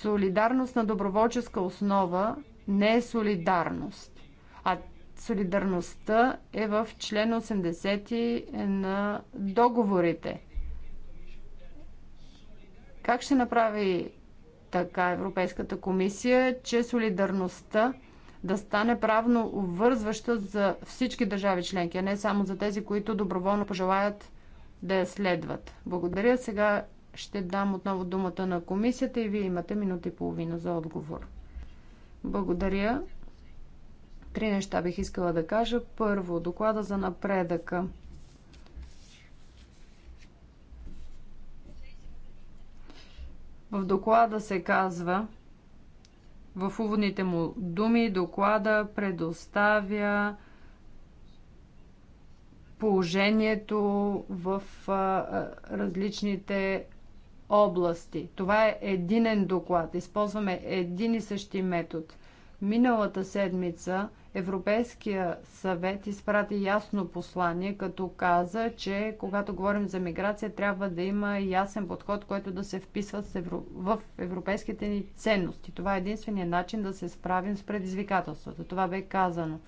солидарност на доброволческа основа не е солидарност. А солидарността е в член 80 на договорите – как ще направи така Европейската комисия, че солидарността да стане правно обвързваща за всички държави членки, а не само за тези, които доброволно пожелаят да я следват. Благодаря. Сега ще дам отново думата на комисията и вие имате минута и половина за отговор. Благодаря. Три неща бих искала да кажа. Първо, доклада за напредъка. В доклада се казва, в уводните му думи, доклада предоставя положението в различните области. Това е единен доклад. Използваме един и същи метод. Миналата седмица Европейския съвет изпрати ясно послание, като каза, че когато говорим за миграция, трябва да има ясен подход, който да се вписва в европейските ни ценности. Това е единствения начин да се справим с предизвикателствата. Това бе казано.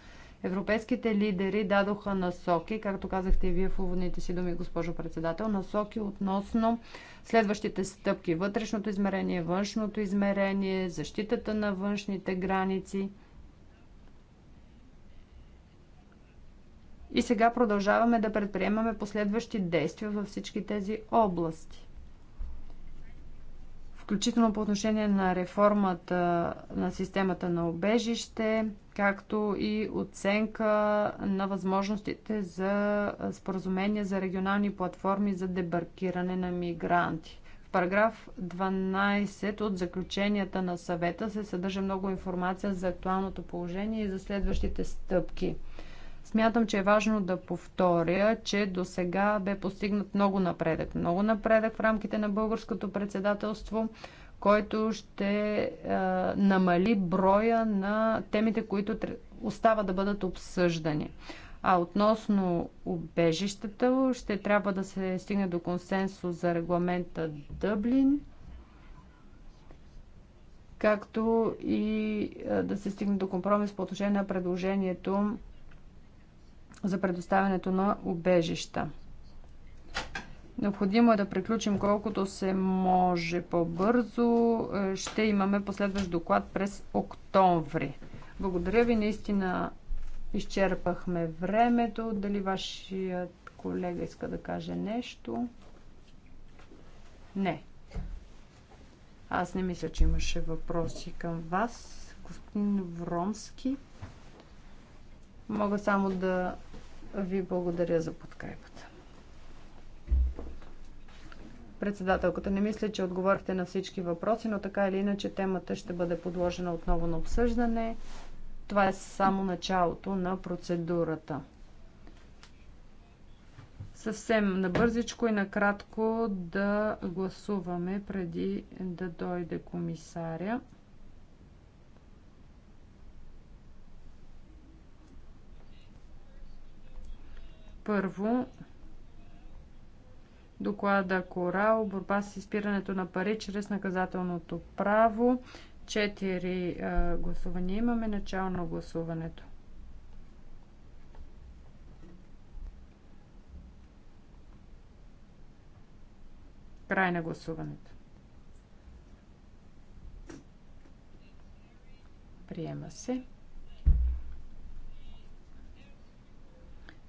Европейските лидери дадоха насоки, както казахте и вие в уводните си думи, госпожо председател, насоки относно следващите стъпки вътрешното измерение, външното измерение, защитата на външните граници – И сега продължаваме да предприемаме последващи действия във всички тези области. Включително по отношение на реформата на системата на обежище, както и оценка на възможностите за споразумения за регионални платформи за дебаркиране на мигранти. В параграф 12 от заключенията на съвета се съдържа много информация за актуалното положение и за следващите стъпки – Смятам, че е важно да повторя, че до сега бе постигнат много напредък. Много напредък в рамките на българското председателство, който ще е, намали броя на темите, които остава да бъдат обсъждани. А относно убежищата, ще трябва да се стигне до консенсус за регламента Дъблин, както и е, да се стигне до компромис по отношение на предложението за предоставянето на убежища. Необходимо е да приключим колкото се може по-бързо. Е, ще имаме последващ доклад през октомври. Благодаря ви, наистина изчерпахме времето. Дали вашият колега иска да каже нещо? Не. Аз не мисля, че имаше въпроси към вас. Господин Вромски. Мога само да ви благодаря за подкрепата. Председателката, не мисля, че отговорихте на всички въпроси, но така или иначе темата ще бъде подложена отново на обсъждане. Това е само началото на процедурата. Съвсем набързичко и накратко да гласуваме преди да дойде комисаря. Първо, доклада Корал, борба с изпирането на пари чрез наказателното право. Четири а, гласувания имаме. Начало на гласуването. Край на гласуването. Приема се.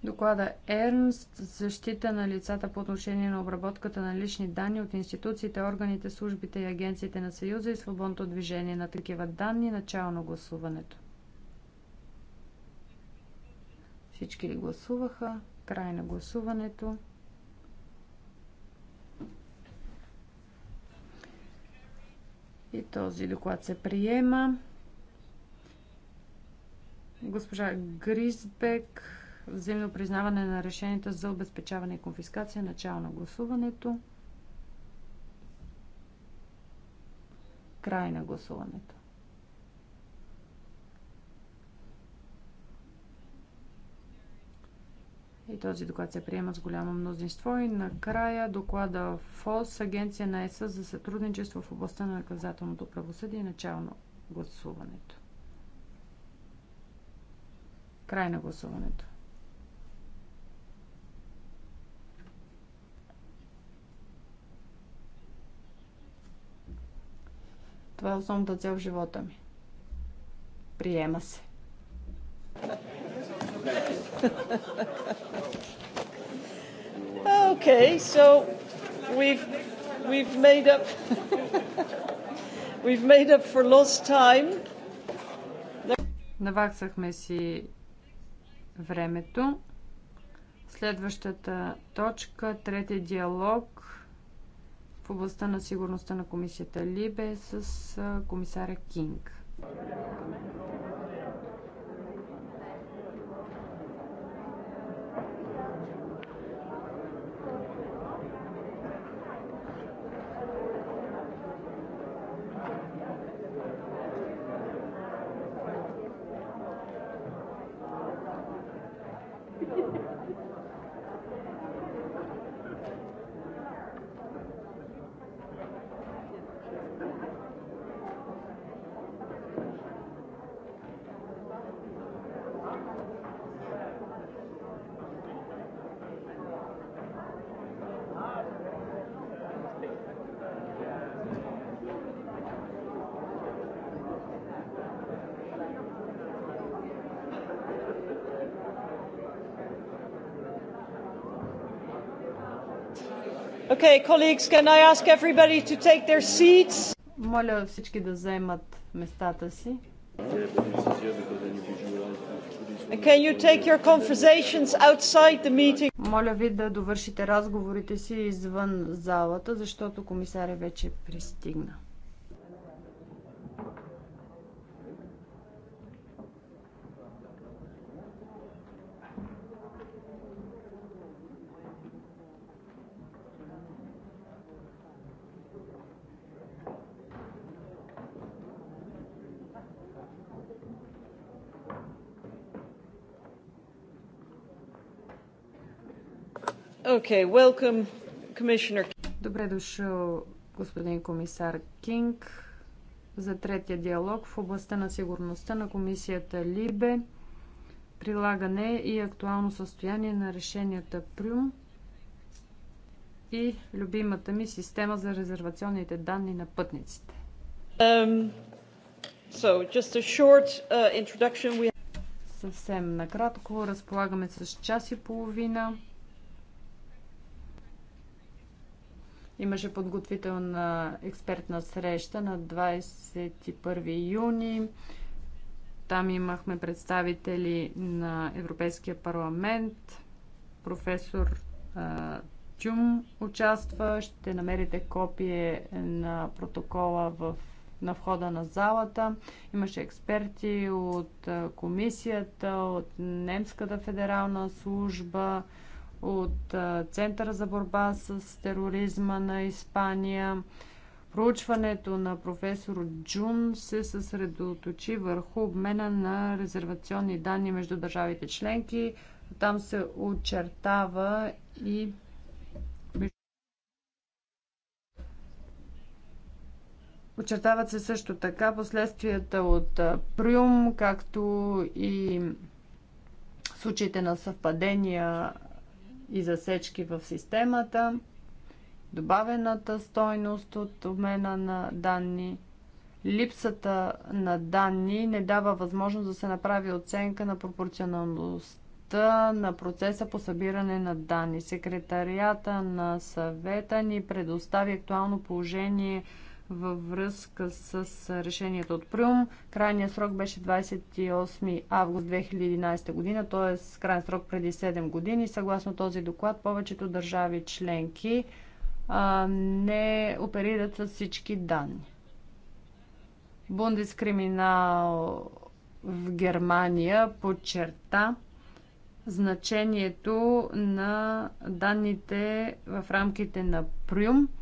Доклада Ернст защита на лицата по отношение на обработката на лични данни от институциите, органите, службите и агенциите на Съюза и свободното движение на такива данни. Начало на гласуването. Всички ли гласуваха? Край на гласуването. И този доклад се приема. Госпожа Гризбек Взаимно признаване на решенията за обезпечаване и конфискация. Начало на гласуването. Край на гласуването. И този доклад се приема с голямо мнозинство. И накрая доклада ФОС, Агенция на ЕС за сътрудничество в областта на наказателното правосъдие и начало гласуването. Край на гласуването. Това е основната цел в живота ми. Приема се. Okay, so we've we've made up we've made up for lost time. Наваксахме си времето. Следващата точка, третия диалог областта на сигурността на комисията Либе с комисаря Кинг. Okay, colleagues, can I ask everybody to take their seats? Моля всички да заемат местата си. Can you take your conversations outside the meeting? Моля ви да довършите разговорите си извън залата, защото комисаря вече пристигна. Okay, welcome, Commissioner. Добре дошъл, господин комисар Кинг, за третия диалог в областта на сигурността на комисията Либе, прилагане и актуално състояние на решенията Прюм и любимата ми система за резервационните данни на пътниците. Um, so, just a short, uh, introduction. We... Съвсем накратко разполагаме с час и половина. Имаше подготвителна експертна среща на 21 юни. Там имахме представители на Европейския парламент. Професор Тюм участва. Ще намерите копие на протокола в на входа на залата. Имаше експерти от комисията, от Немската федерална служба, от Центъра за борба с тероризма на Испания. Проучването на професор Джун се съсредоточи върху обмена на резервационни данни между държавите членки. Там се очертава и Очертават се също така последствията от Прюм, както и случаите на съвпадения и засечки в системата, добавената стойност от обмена на данни. Липсата на данни не дава възможност да се направи оценка на пропорционалността на процеса по събиране на данни. Секретарията на съвета ни предостави актуално положение във връзка с решението от Прюм. Крайният срок беше 28 август 2011 година, т.е. крайният срок преди 7 години. Съгласно този доклад, повечето държави членки а, не оперират с всички данни. Бундескриминал в Германия подчерта значението на данните в рамките на Прюм –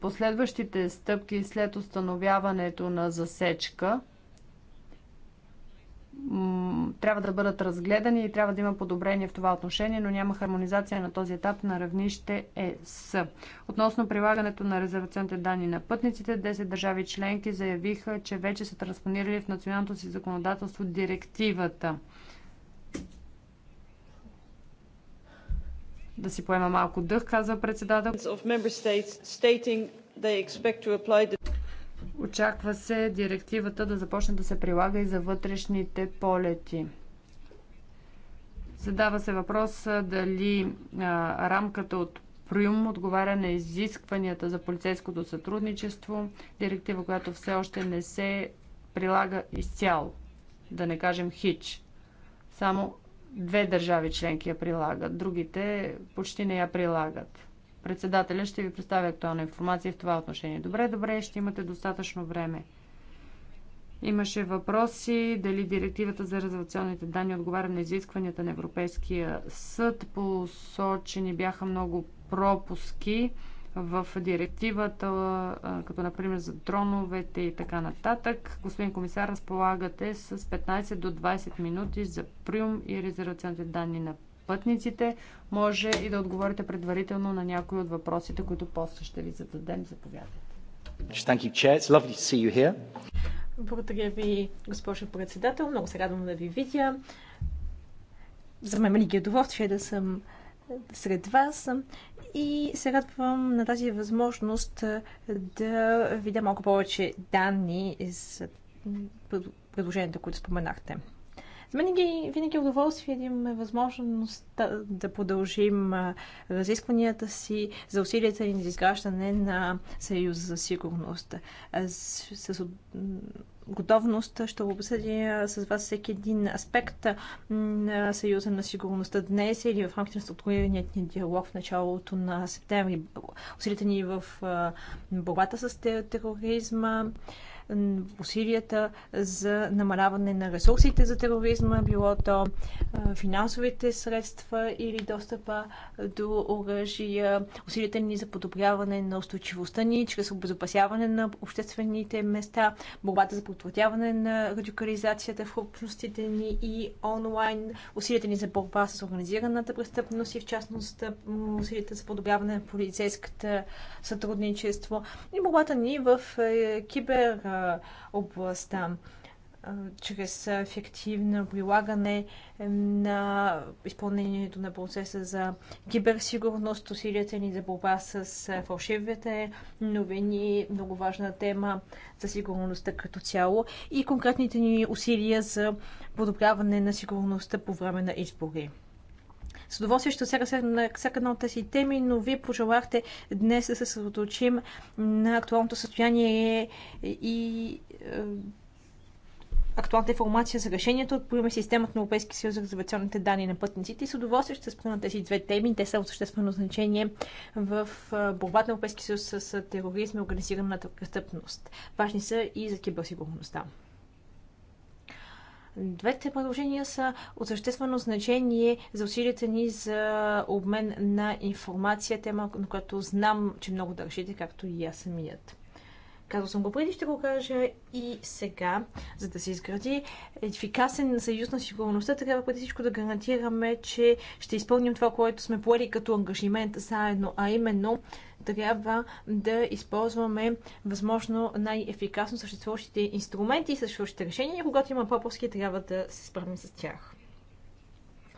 последващите стъпки след установяването на засечка трябва да бъдат разгледани и трябва да има подобрение в това отношение, но няма хармонизация на този етап на равнище ЕС. Относно прилагането на резервационните данни на пътниците, 10 държави членки заявиха, че вече са транспонирали в националното си законодателство директивата. Да си поема малко дъх, казва председател. Очаква се директивата да започне да се прилага и за вътрешните полети. Задава се въпрос дали а, рамката от Прюм отговаря на изискванията за полицейското сътрудничество, директива, която все още не се прилага изцяло, да не кажем хич, само Две държави членки я прилагат, другите почти не я прилагат. Председателя ще ви представя актуална информация в това отношение. Добре, добре, ще имате достатъчно време. Имаше въпроси дали директивата за резервационните данни отговаря на изискванията на Европейския съд. Посочени бяха много пропуски в директивата, като например за дроновете и така нататък. Господин комисар, разполагате с 15 до 20 минути за прием и резервационните данни на пътниците. Може и да отговорите предварително на някои от въпросите, които после ще ви зададем. Заповядайте. Благодаря ви, госпожо председател. Много се радвам да ви видя. За мен е удоволствие да съм сред вас и се радвам на тази възможност да видя малко повече данни за предложенията, които споменахте. За мен винаги е удоволствие да имаме възможност да, да продължим разискванията си за усилията ни за изграждане на Съюз за сигурност. С, с готовност ще обсъдя с вас всеки един аспект на Съюза на сигурността днес или в рамките на структурираният ни диалог в началото на септември. Усилите ни в борбата с тероризма, усилията за намаляване на ресурсите за тероризма, било то финансовите средства или достъпа до оръжия, усилията ни за подобряване на устойчивостта ни чрез обезопасяване на обществените места, борбата за предотвратяване на радикализацията в общностите ни и онлайн, усилията ни за борба с организираната престъпност и в частност усилията за подобряване на полицейската сътрудничество и борбата ни в е, кибер областта чрез ефективно прилагане на изпълнението на процеса за киберсигурност, усилията ни за борба с фалшивите новини, много важна тема за сигурността като цяло и конкретните ни усилия за подобряване на сигурността по време на избори. С удоволствие ще сега на всяка една от тези теми, но вие пожелахте днес да се съсредоточим на актуалното състояние и е, актуалната информация за решението от поема системата на Европейски съюз за резервационните данни на пътниците и с удоволствие ще спра на тези две теми. Те са от съществено значение в е, борбата на Европейски съюз с е, тероризма и организираната престъпност. Важни са и за киберсигурността. Двете предложения са от съществено значение за усилията ни за обмен на информация, тема, на която знам, че много държите, както и аз самият. Казал съм го преди, ще го кажа и сега, за да се изгради ефикасен съюз на сигурността, трябва преди всичко да гарантираме, че ще изпълним това, което сме поели като ангажимент заедно, а именно трябва да използваме възможно най-ефикасно съществуващите инструменти и съществуващите решения. Когато има пропуски, трябва да се справим с тях.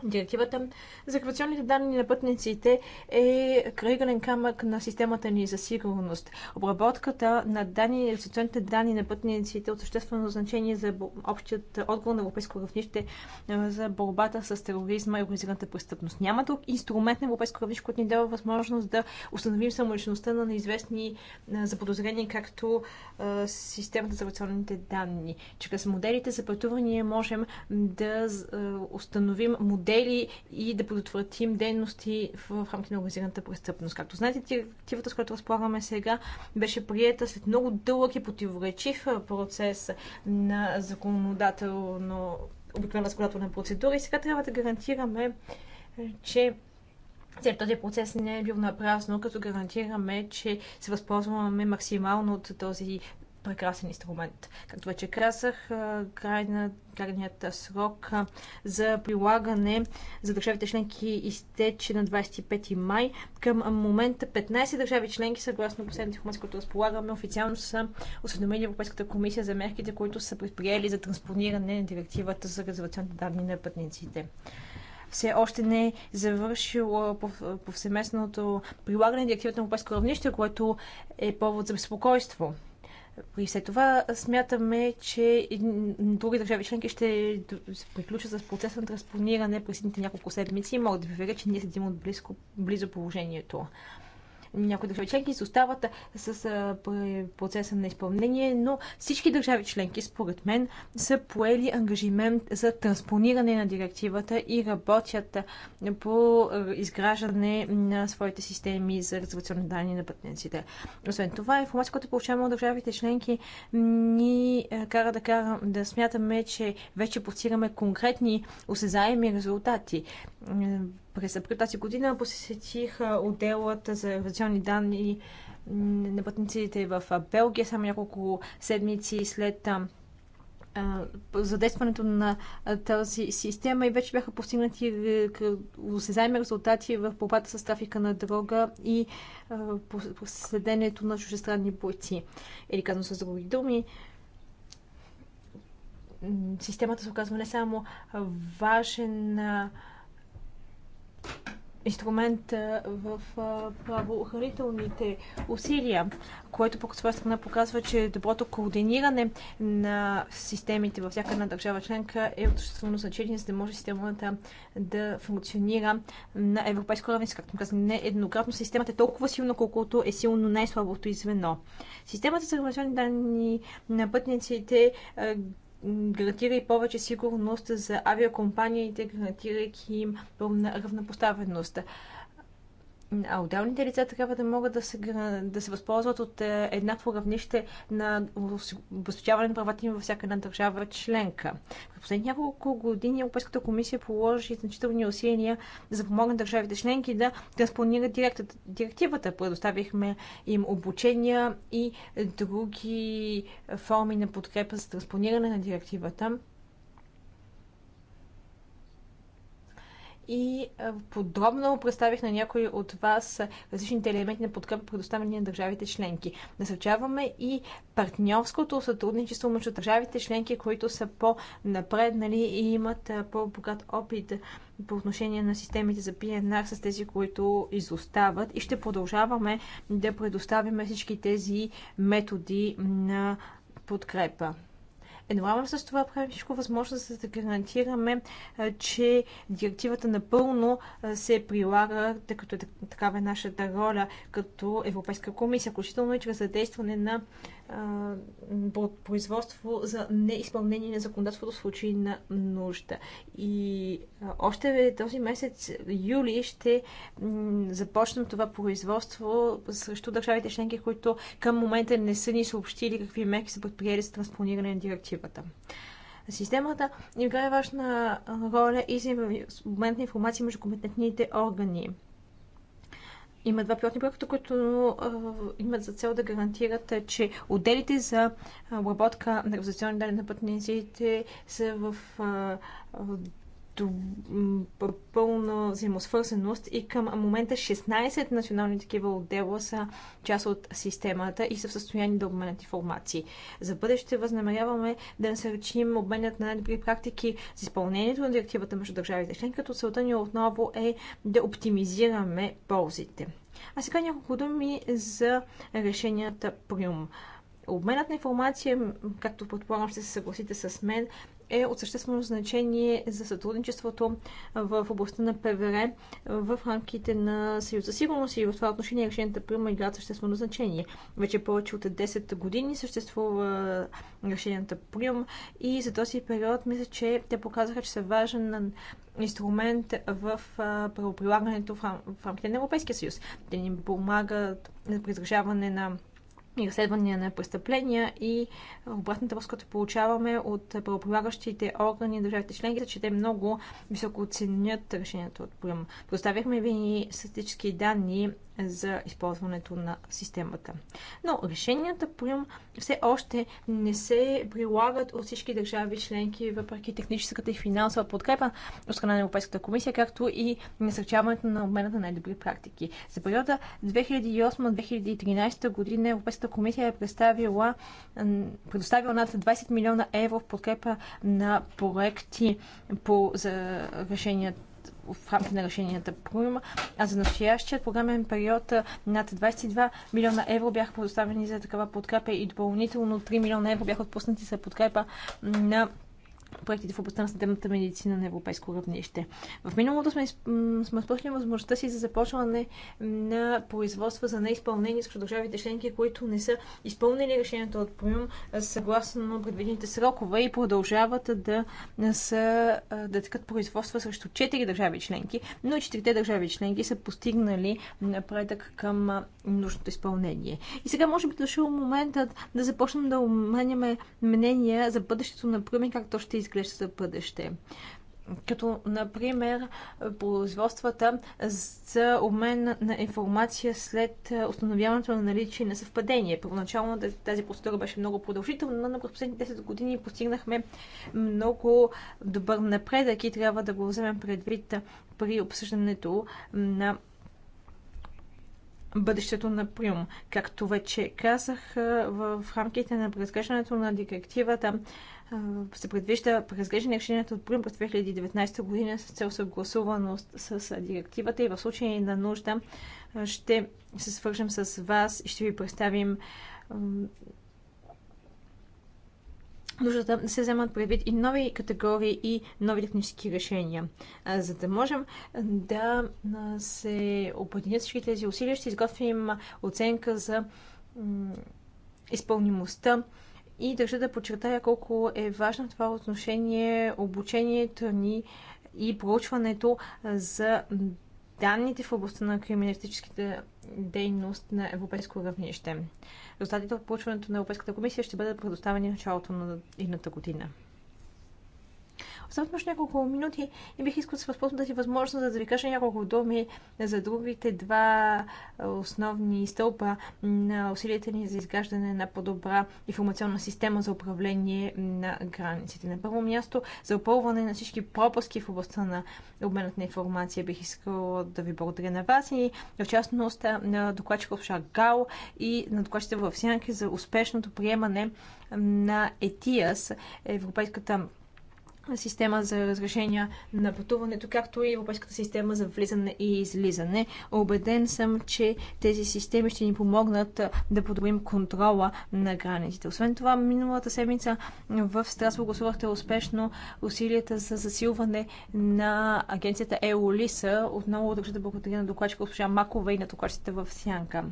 Директивата за гравационните данни на пътниците е крайгален камък на системата ни за сигурност. Обработката на данни и регистрационните данни на пътниците е от съществено значение за общият отговор на европейско равнище за борбата с тероризма и организираната престъпност. Няма друг инструмент на европейско равнище, който ни дава възможност да установим самоличността на неизвестни заподозрения, както системата за регистрационните данни. Чрез моделите за пътувания можем да установим модели дели и да предотвратим дейности в рамките на организираната престъпност. Както знаете, директивата, с която разполагаме сега, беше приета след много дълъг и противоречив процес на законодателно обикновена законодателна процедура и сега трябва да гарантираме, че Целият този процес не е бил напразно, като гарантираме, че се възползваме максимално от този прекрасен инструмент. Както вече красах, крайна, крайният срок за прилагане за държавите членки изтече на 25 май. Към момента 15 държави членки, съгласно последните информация, които разполагаме, официално са осведомени Европейската комисия за мерките, които са предприели за транспониране на директивата за резервационните данни на пътниците все още не е завършило повсеместното прилагане на директивата на европейско равнище, което е повод за безпокойство. При след това смятаме, че други държави членки ще се приключат с процеса на транспониране през следните няколко седмици и мога да ви веря, че ние седим от близко, близо положението. Някои държави членки се остават с процеса на изпълнение, но всички държави членки, според мен, са поели ангажимент за транспониране на директивата и работят по изграждане на своите системи за резервационни данни на пътниците. Освен това, информация, която получаваме от държавите членки, ни кара да, кара да смятаме, че вече постигаме конкретни осезаеми резултати. През април тази година посетих отделът за инвазионни данни на пътниците в Белгия, само няколко седмици след задействането на тази система и вече бяха постигнати осезаеми резултати в борбата с трафика на дрога и следенето на чужестранни бойци. Или казвам с други думи, системата се оказва не само важен инструмент в правоохранителните усилия, което пък своя страна показва, че доброто координиране на системите във всяка една държава членка е от съществено значение, за да може системата да функционира на европейско равнище. Както казвам, не еднократно системата е толкова силна, колкото е силно най-слабото и звено. Системата за разрешени данни на пътниците гарантира и повече сигурност за авиакомпаниите, гарантирайки им пълна равнопоставеност а отделните лица трябва да могат да се, да се възползват от е, еднакво равнище на възстояване на правата им във всяка една държава членка. В последните няколко години Европейската комисия положи значителни усилия за да помогнат държавите членки да транспонират директивата. Предоставихме им обучения и други форми на подкрепа за транспониране на директивата. и подробно представих на някои от вас различните елементи на подкрепа, предоставени на държавите членки. Насърчаваме и партньорското сътрудничество между държавите членки, които са по-напреднали и имат по-богат опит по отношение на системите за PNR с тези, които изостават и ще продължаваме да предоставяме всички тези методи на подкрепа. Едновременно с това правим всичко възможно, за да гарантираме, че директивата напълно се прилага, тъй като е такава е нашата роля като Европейска комисия, включително и чрез задействане на производство за неизпълнение на законодателството в случай на нужда. И още този месец, юли, ще започнем това производство срещу държавите членки, които към момента не са ни съобщили какви мерки са предприели за транспониране на директивата. Системата играе важна роля и за момент на информация между компетентните органи има два пилотни проекта, които имат за цел да гарантират, че отделите за обработка на ревизационни данни на пътниците са в пълна взаимосвързаност и към момента 16 национални такива отдела са част от системата и са в състояние да обменят информации. За бъдеще възнамеряваме да насърчим обменят на най-добри практики за изпълнението на директивата между държавите член, като целта ни отново е да оптимизираме ползите. А сега няколко думи за решенията Prium. Обменът на информация, както предполагам ще се съгласите с мен, е от съществено значение за сътрудничеството в областта на ПВР в рамките на Съюза сигурност и в това отношение решенията при играят съществено значение. Вече повече от 10 години съществува решенията прием и за този период мисля, че те показаха, че са важен инструмент в правоприлагането в рамките на Европейския съюз. Те ни помагат за изражаване на и разследвания на престъпления и обратната връзка, която получаваме от правополагащите органи на държавите членки, е, че те много високо оценят решението от Прим. Поставяхме ви статистически данни за използването на системата. Но решенията по им все още не се прилагат от всички държави членки, въпреки техническата и финансова подкрепа от страна на Европейската комисия, както и насърчаването на обмена на най-добри практики. За периода 2008-2013 година Европейската комисия е представила, предоставила над 20 милиона евро в подкрепа на проекти по, за решенията в рамките на решенията програма, а за настоящият програмен период над 22 милиона евро бяха предоставени за такава подкрепа и допълнително 3 милиона евро бяха отпуснати за подкрепа на проектите в областта на съдебната медицина на европейско равнище. В миналото сме, сме спъхли възможността си за започване на производства за неизпълнение срещу държавите членки, които не са изпълнили решението от прием съгласно предвидените срокове и продължават да са да тъкат производства срещу четири държави членки, но и държави членки са постигнали напредък към нужното изпълнение. И сега може би дошъл моментът да започнем да обменяме мнения за бъдещето, Пруми, как то ще изглежда за бъдеще. Като, например, производствата за обмен на информация след е, установяването на наличие на съвпадение. Първоначално тази процедура беше много продължителна, но през последните 10 години постигнахме много добър напредък и трябва да го вземем предвид при обсъждането на бъдещето на Приум. Както вече казах, в рамките на преразглеждането на директивата се предвижда преразглеждане решението от Приум през 2019 година с цел съгласуваност с директивата и в случай на нужда ще се свържем с вас и ще ви представим нуждата да се вземат предвид и нови категории и нови технически решения. За да можем да се обединят всички тези усилия, ще изготвим оценка за изпълнимостта и държа да подчертая колко е важно това отношение обучението ни и проучването за данните в областта на криминалистическите дейност на европейско равнище. Резултатите от получването на Европейската комисия ще бъдат предоставени в началото на едната година. Остават още няколко минути и бих искал да се възползвам тази възможност да ви кажа няколко думи за другите два основни стълба на усилията ни за изграждане на по-добра информационна система за управление на границите. На първо място за опълване на всички пропуски в областта на обменът на информация бих искал да ви благодаря на вас и в частност на докладчика в Шагал и на докладчите в Сянки за успешното приемане на ЕТИАС, Европейската система за разрешения на пътуването, както и Европейската система за влизане и излизане. Обеден съм, че тези системи ще ни помогнат да подобрим контрола на границите. Освен това, миналата седмица в Страсбург гласувахте успешно усилията за засилване на агенцията ЕОЛИСА. Отново държа да благодаря на докладчика госпожа Макова и на докладчите в Сянка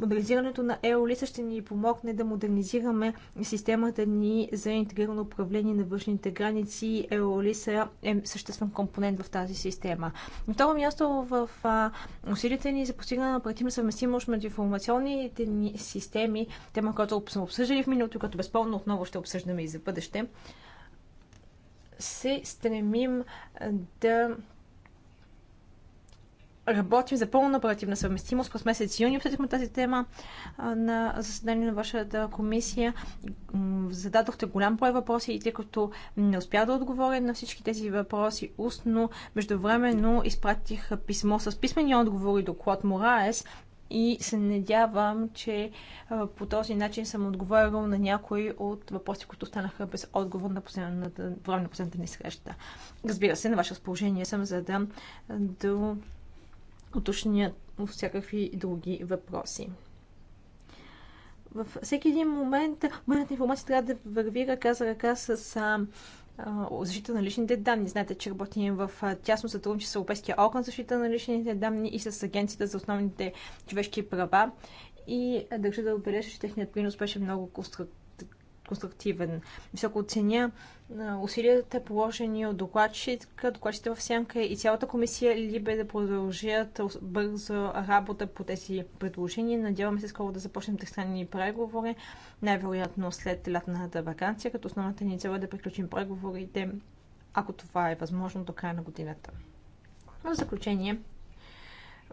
модернизирането на Еолиса ще ни помогне да модернизираме системата ни за интегрирано управление на външните граници. Еолиса е съществен компонент в тази система. На второ място в усилите ни за постигане на оперативна съвместимост между информационните ни системи, тема, която сме обсъждали в миналото, като безспорно отново ще обсъждаме и за бъдеще, се стремим да работим за пълна оперативна съвместимост. През месец юни обсъдихме тази тема на заседание на вашата комисия. Зададохте голям брой въпроси и тъй като не успя да отговоря на всички тези въпроси устно, междувременно изпратих писмо с писмени отговори до Клод Мораес, и се надявам, че по този начин съм отговорил на някои от въпроси, които останаха без отговор на последната, време на последната ни среща. Разбира се, на ваше разположение съм, за да, да уточнят всякакви други въпроси. Във всеки един момент моментната информация трябва да върви ръка за ръка с а, защита на личните данни. Знаете, че работим в тясно сътрудничество с Европейския орган за защита на личните данни и с Агенцията за основните човешки права. И държа да отбележа, че техният принос беше много конструктивен конструктивен. Високо оценя усилията положени от докладчика, докладчите в Сянка и цялата комисия бе да продължат бързо работа по тези предложения. Надяваме се скоро да започнем тристранни преговори, най-вероятно след лятната вакансия, като основната ни цел е да приключим преговорите, ако това е възможно, до края на годината. В заключение,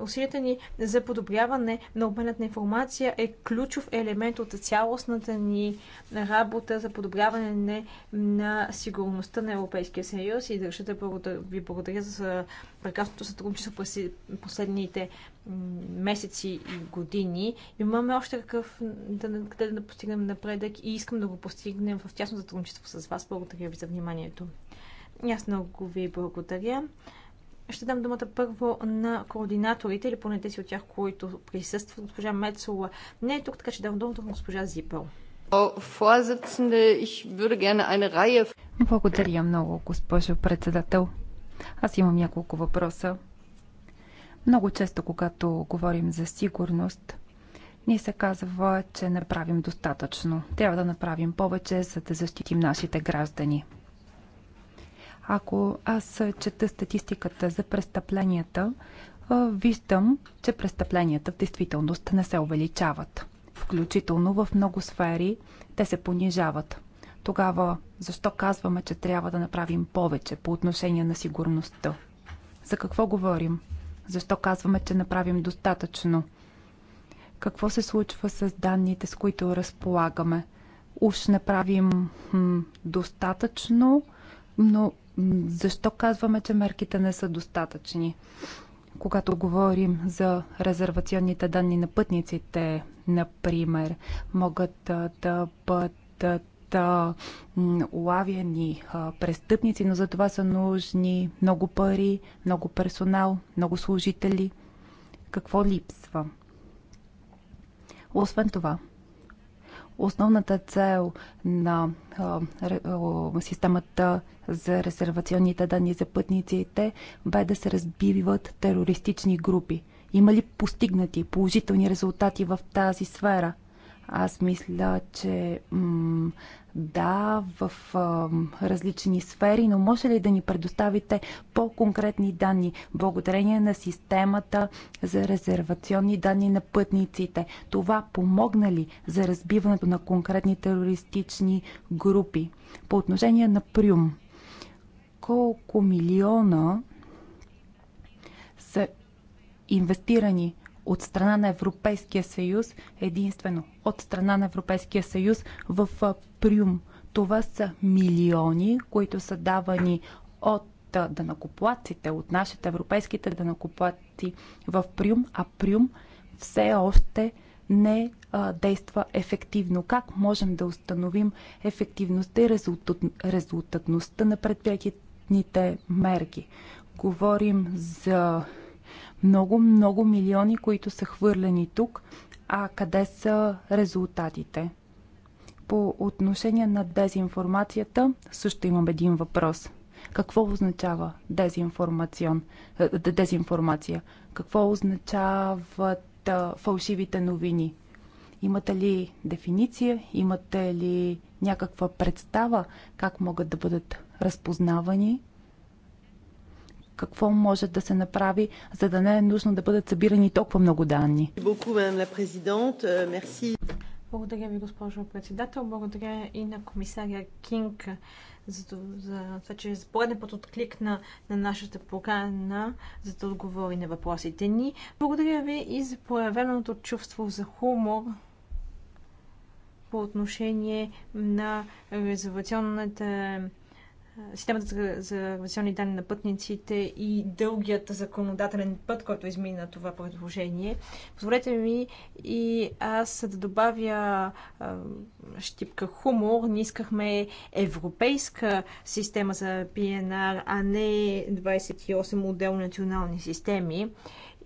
усилията ни за подобряване на обменът на информация е ключов елемент от цялостната ни работа за подобряване на сигурността на Европейския съюз и държа да ви благодаря за прекрасното сътрудничество през последните месеци и години. Имаме още какъв да, къде да постигнем напредък и искам да го постигнем в тясно сътрудничество с вас. Благодаря ви за вниманието. И аз много ви благодаря. Ще дам думата първо на координаторите или поне тези от тях, които присъстват. Госпожа Мецова не е тук, така че дам думата на госпожа Зипъл. Благодаря много, госпожо председател. Аз имам няколко въпроса. Много често, когато говорим за сигурност, ни се казва, че не правим достатъчно. Трябва да направим повече, за да защитим нашите граждани. Ако аз е, чета статистиката за престъпленията, е, виждам, че престъпленията в действителност не се увеличават. Включително в много сфери те се понижават. Тогава защо казваме, че трябва да направим повече по отношение на сигурността? За какво говорим? Защо казваме, че направим достатъчно? Какво се случва с данните, с които разполагаме? Уж не правим достатъчно, но защо казваме, че мерките не са достатъчни? Когато говорим за резервационните данни на пътниците, например, могат да бъдат улавяни престъпници, но за това са нужни много пари, много персонал, много служители. Какво липсва? Освен това, основната цел на системата за резервационните данни за пътниците бе да се разбиват терористични групи. Има ли постигнати положителни резултати в тази сфера? Аз мисля, че да, в а, различни сфери, но може ли да ни предоставите по-конкретни данни, благодарение на системата за резервационни данни на пътниците? Това помогна ли за разбиването на конкретни терористични групи? По отношение на Прюм, колко милиона са инвестирани от страна на Европейския съюз, единствено от страна на Европейския съюз в Прюм. Това са милиони, които са давани от данакоплаците, от нашите европейските данакоплаци в Прюм, а Прюм все още не а, действа ефективно. Как можем да установим ефективността и резултат, резултатността на предприятите мерки? Говорим за много, много милиони, които са хвърлени тук. А къде са резултатите? По отношение на дезинформацията също имам един въпрос. Какво означава дезинформацион, е, дезинформация? Какво означават фалшивите новини? Имате ли дефиниция? Имате ли някаква представа как могат да бъдат разпознавани? какво може да се направи, за да не е нужно да бъдат събирани толкова много данни. Euh, Благодаря ви, госпожо председател. Благодаря и на комисаря Кинг за, за това, че за пореден път откликна на нашата покана, за да отговори на въпросите ни. Благодаря ви и за проявеното чувство за хумор по отношение на резервационната системата за, за авиационни данни на пътниците и дългият законодателен път, който измина това предложение. Позволете ми и аз да добавя а, щипка хумор. Ние искахме европейска система за PNR, а не 28 отделни национални системи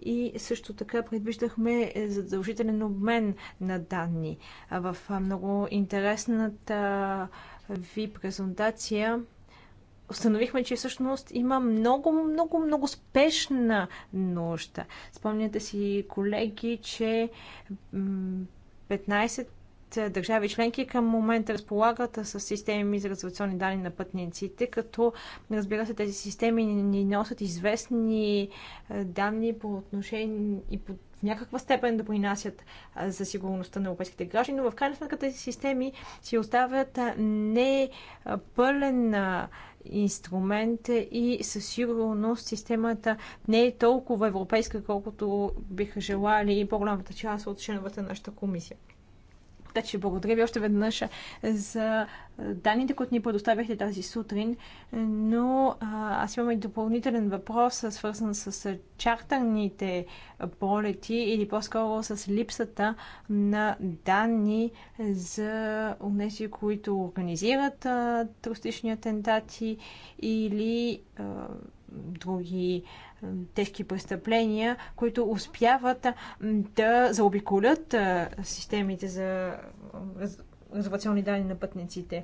и също така предвиждахме задължителен обмен на данни. В много интересната ви презентация установихме, че всъщност има много, много, много спешна нужда. Спомняте си, колеги, че 15 държави членки към момента разполагат с системи за резервационни данни на пътниците, като разбира се тези системи ни носят известни е, данни по отношение и по в някаква степен допринасят принасят за сигурността на европейските граждани, но в крайна сметка тези системи си оставят не пълен инструмент и със сигурност системата не е толкова европейска, колкото биха желали и по-голямата част от членовете на нашата комисия. Така че благодаря ви още веднъж за данните, които ни предоставяхте тази сутрин, но аз имам и допълнителен въпрос, свързан с чартърните полети или по-скоро с липсата на данни за тези, които организират туристични атентати или а, други тежки престъпления, които успяват да заобиколят системите за резервационни данни на пътниците.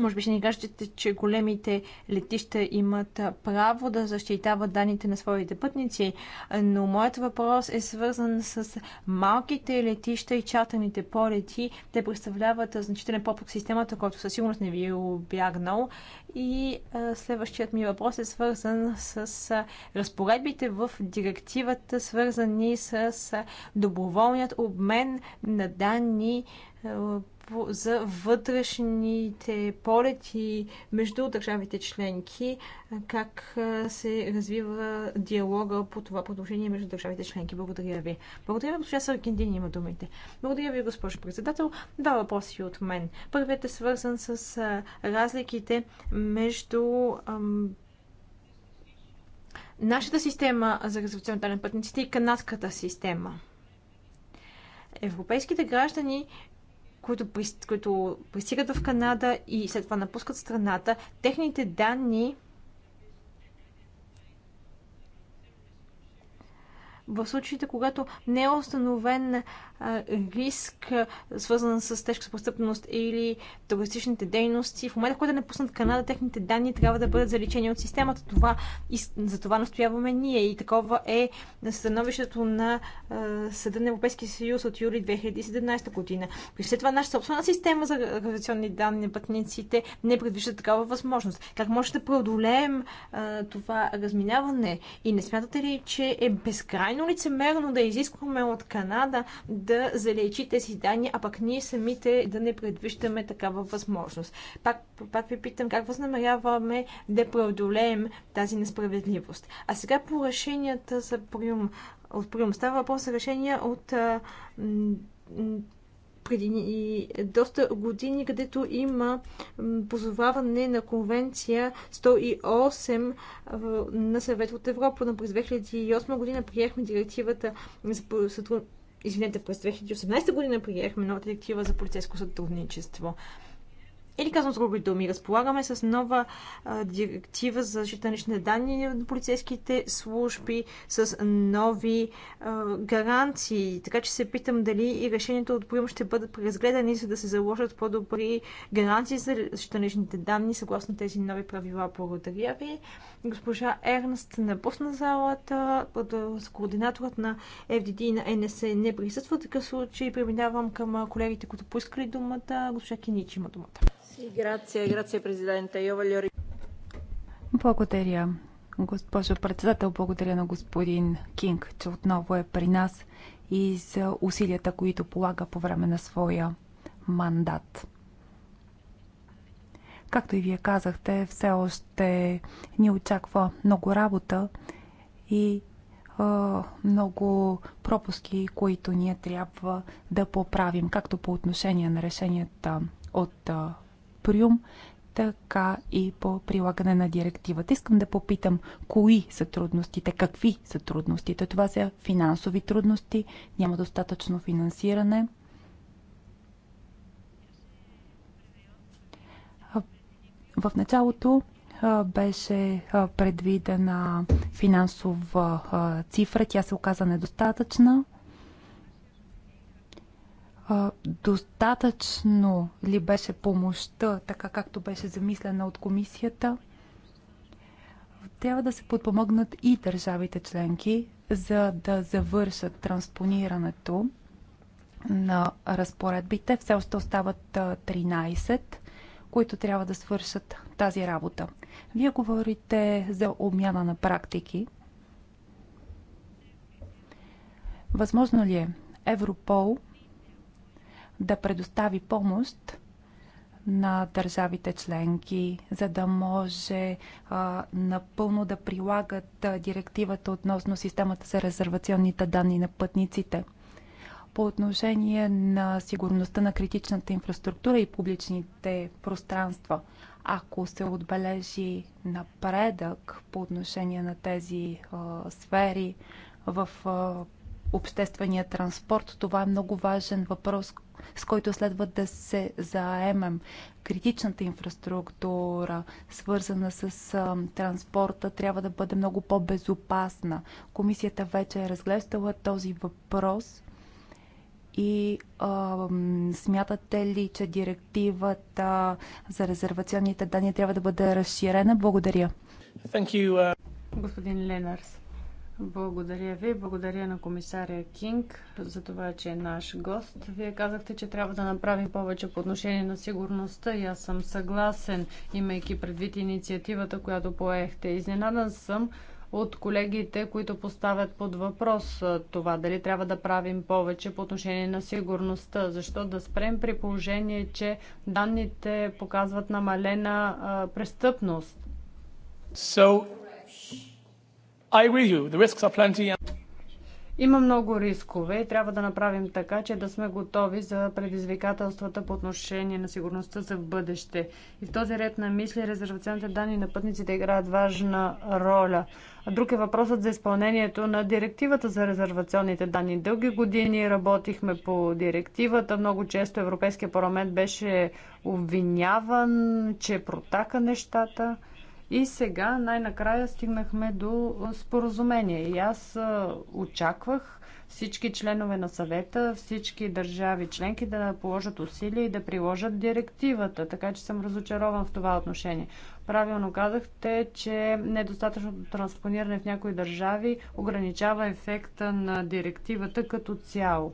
Може би ще ни кажете, че големите летища имат право да защитават данните на своите пътници, но моят въпрос е свързан с малките летища и чатаните полети. Те представляват значителен попък системата, който със сигурност не ви е обягнал. И следващият ми въпрос е свързан с разпоредбите в директивата, свързани с доброволният обмен на данни за вътрешните полети между държавите членки, как се развива диалога по това продължение между държавите членки. Благодаря ви. Благодаря ви, госпожа Саркиндин, има думите. Благодаря ви, госпожо председател. Два въпроси от мен. Първият е свързан с разликите между нашата система за резервационен пътниците и канадската система. Европейските граждани които, които пристигат в Канада и след това напускат страната, техните данни в случаите, когато не е установен риск, свързан с тежка престъпност или терористичните дейности. В момента, когато да напуснат Канада, техните данни трябва да бъдат заличени от системата. Това, и за това настояваме ние. И такова е становището на Съда на Европейския съюз от юли 2017 година. При след това нашата собствена система за гравитационни данни на пътниците не предвижда такава възможност. Как може да преодолеем това разминаване? И не смятате ли, че е безкрайно крайно лицемерно да изискваме от Канада да залечи тези данни, а пък ние самите да не предвиждаме такава възможност. Пак, пак ви питам как възнамеряваме да преодолеем тази несправедливост. А сега по решенията за прием от прием. Става въпрос за решения от преди доста години, където има позоваване на конвенция 108 на съвет от Европа. Но през 2008 година приехме директивата за сътрудничество Извинете, през 2018 година приехме нова директива за полицейско сътрудничество. Или казвам с груби думи, разполагаме с нова а, директива за защита на данни на полицейските служби, с нови а, гаранции. Така че се питам дали и решението от прием ще бъдат преразгледани, за да се заложат по-добри гаранции за защита на личните данни, съгласно тези нови правила. Благодаря ви. Госпожа Ернст напусна залата, с координаторът на FDD и на НС не присъства. В такъв случай преминавам към колегите, които поискали думата. Госпожа Кинич има думата. Благодаря, госпожо председател. Благодаря на господин Кинг, че отново е при нас и за усилията, които полага по време на своя мандат. Както и вие казахте, все още ни очаква много работа и много пропуски, които ние трябва да поправим, както по отношение на решенията от Прюм, така и по прилагане на директивата. Искам да попитам, кои са трудностите, какви са трудностите. Това са финансови трудности, няма достатъчно финансиране. В началото беше предвидена финансова цифра, тя се оказа недостатъчна достатъчно ли беше помощта, така както беше замислена от комисията? Трябва да се подпомогнат и държавите членки, за да завършат транспонирането на разпоредбите. Все още остават 13, които трябва да свършат тази работа. Вие говорите за обмяна на практики. Възможно ли е Европол да предостави помощ на държавите членки, за да може а, напълно да прилагат а, директивата относно системата за резервационните данни на пътниците. По отношение на сигурността на критичната инфраструктура и публичните пространства, ако се отбележи напредък по отношение на тези а, сфери в а, обществения транспорт. Това е много важен въпрос, с който следва да се заемем. Критичната инфраструктура, свързана с а, транспорта, трябва да бъде много по-безопасна. Комисията вече е разглеждала този въпрос и а, смятате ли, че директивата за резервационните данни трябва да бъде разширена? Благодаря. Thank you, uh... Господин Ленарс. Благодаря ви. Благодаря на комисаря Кинг за това, че е наш гост. Вие казахте, че трябва да направим повече по отношение на сигурността и аз съм съгласен, имайки предвид инициативата, която поехте. Изненадан съм от колегите, които поставят под въпрос това, дали трябва да правим повече по отношение на сигурността. Защо да спрем при положение, че данните показват намалена а, престъпност? So, I agree you, the risks are plenty Има много рискове и трябва да направим така, че да сме готови за предизвикателствата по отношение на сигурността за бъдеще. И в този ред на мисли резервационните данни на пътниците играят важна роля. А друг е въпросът за изпълнението на директивата за резервационните данни. Дълги години работихме по директивата. Много често Европейския парламент беше обвиняван, че протака нещата. И сега най-накрая стигнахме до споразумение. И аз очаквах всички членове на съвета, всички държави членки да положат усилия и да приложат директивата. Така че съм разочарован в това отношение. Правилно казахте, че недостатъчното транспониране в някои държави ограничава ефекта на директивата като цяло.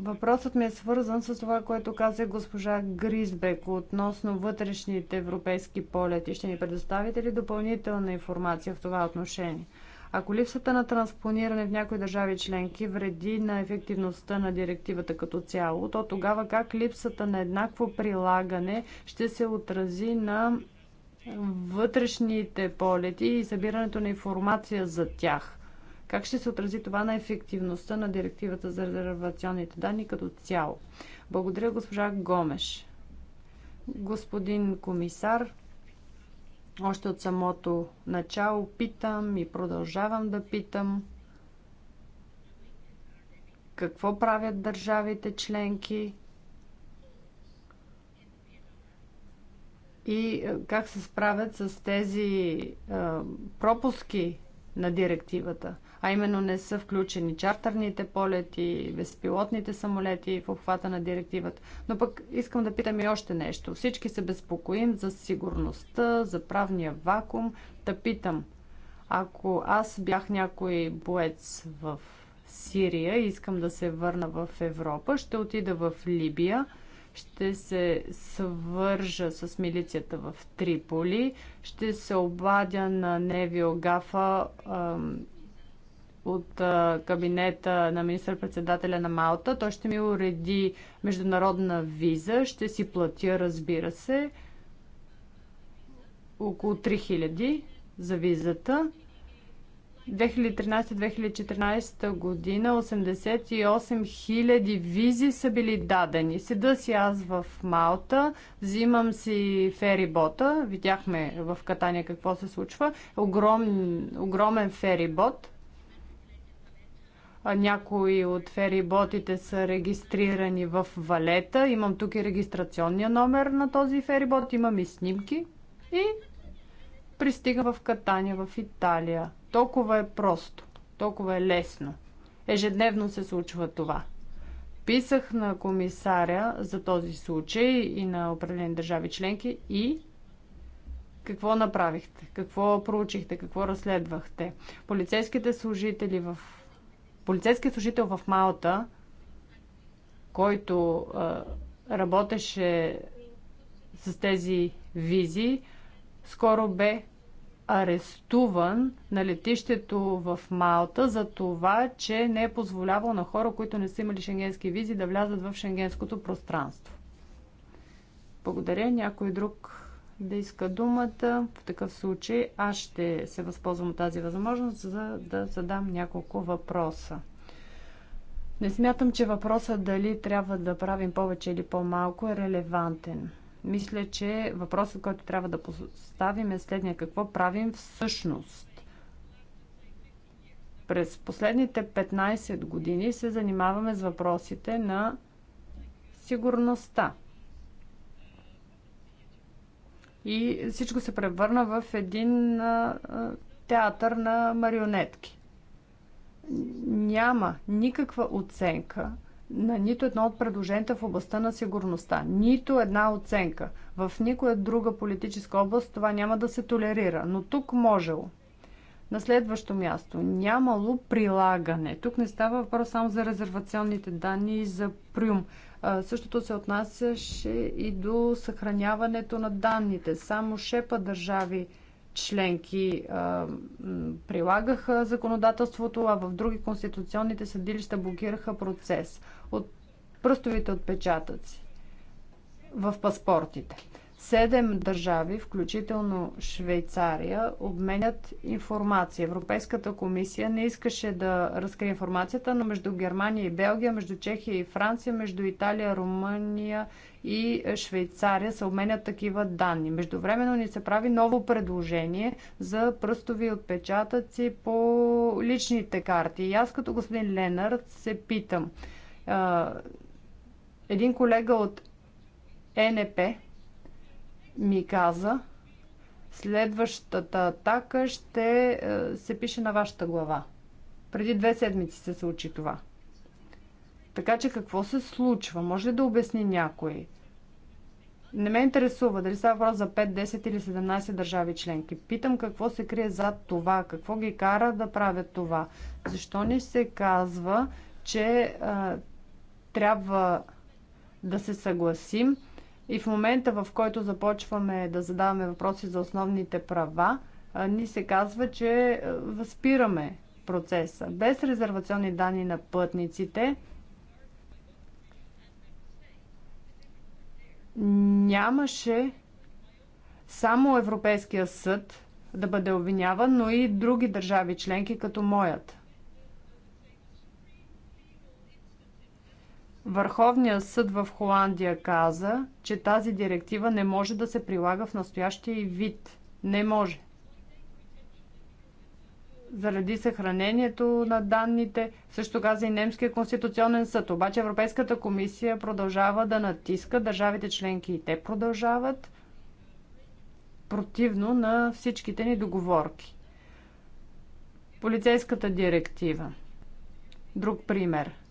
Въпросът ми е свързан с това, което каза госпожа Гризбек относно вътрешните европейски полети. Ще ни предоставите ли допълнителна информация в това отношение? Ако липсата на транспониране в някои държави членки вреди на ефективността на директивата като цяло, то тогава как липсата на еднакво прилагане ще се отрази на вътрешните полети и събирането на информация за тях? Как ще се отрази това на ефективността на директивата за резервационните данни като цяло? Благодаря, госпожа Гомеш. Господин комисар, още от самото начало питам и продължавам да питам какво правят държавите членки и е, как се справят с тези е, пропуски на директивата а именно не са включени чартерните полети, безпилотните самолети в обхвата на директивата. Но пък искам да питам и още нещо. Всички се безпокоим за сигурността, за правния вакуум. Да питам, ако аз бях някой боец в Сирия и искам да се върна в Европа, ще отида в Либия, ще се свържа с милицията в Триполи, ще се обадя на Невио Гафа от кабинета на министър-председателя на Малта. Той ще ми уреди международна виза. Ще си платя, разбира се, около 3000 за визата. 2013-2014 година 88 000 визи са били дадени. Седа си аз в Малта, взимам си ферибота, видяхме в Катания какво се случва, огром, огромен ферибот, някои от фериботите са регистрирани в Валета. Имам тук и регистрационния номер на този ферибот. Имам и снимки. И пристигам в Катания, в Италия. Толкова е просто. Толкова е лесно. Ежедневно се случва това. Писах на комисаря за този случай и на определени държави членки и какво направихте? Какво проучихте? Какво разследвахте? Полицейските служители в полицейският служител в Малта, който работеше с тези визи, скоро бе арестуван на летището в Малта за това, че не е позволявал на хора, които не са имали шенгенски визи, да влязат в шенгенското пространство. Благодаря. Някой друг да иска думата. В такъв случай аз ще се възползвам от тази възможност, за да задам няколко въпроса. Не смятам, че въпросът дали трябва да правим повече или по-малко е релевантен. Мисля, че въпросът, който трябва да поставим е следния. Какво правим всъщност? През последните 15 години се занимаваме с въпросите на сигурността. И всичко се превърна в един театър на марионетки. Няма никаква оценка на нито едно от предложенията в областта на сигурността. Нито една оценка. В никоя друга политическа област това няма да се толерира. Но тук можело. На следващо място, нямало прилагане. Тук не става въпрос само за резервационните данни и за прюм. Същото се отнасяше и до съхраняването на данните. Само шепа държави членки прилагаха законодателството, а в други конституционните съдилища блокираха процес от пръстовите отпечатъци в паспортите. Седем държави, включително Швейцария, обменят информация. Европейската комисия не искаше да разкрие информацията, но между Германия и Белгия, между Чехия и Франция, между Италия, Румъния и Швейцария се обменят такива данни. Междувременно ни се прави ново предложение за пръстови отпечатъци по личните карти. И аз като господин Ленард се питам. Един колега от ЕНП, ми каза, следващата атака ще е, се пише на вашата глава. Преди две седмици се случи това. Така че какво се случва? Може ли да обясни някой? Не ме интересува дали става въпрос за 5, 10 или 17 държави членки. Питам какво се крие зад това, какво ги кара да правят това. Защо не се казва, че а, трябва да се съгласим и в момента, в който започваме да задаваме въпроси за основните права, ни се казва, че възпираме процеса. Без резервационни данни на пътниците нямаше само Европейския съд да бъде обвиняван, но и други държави членки, като моят. Върховният съд в Холандия каза, че тази директива не може да се прилага в настоящия и вид. Не може. Заради съхранението на данните, също каза и Немския конституционен съд. Обаче Европейската комисия продължава да натиска държавите членки и те продължават противно на всичките ни договорки. Полицейската директива. Друг пример –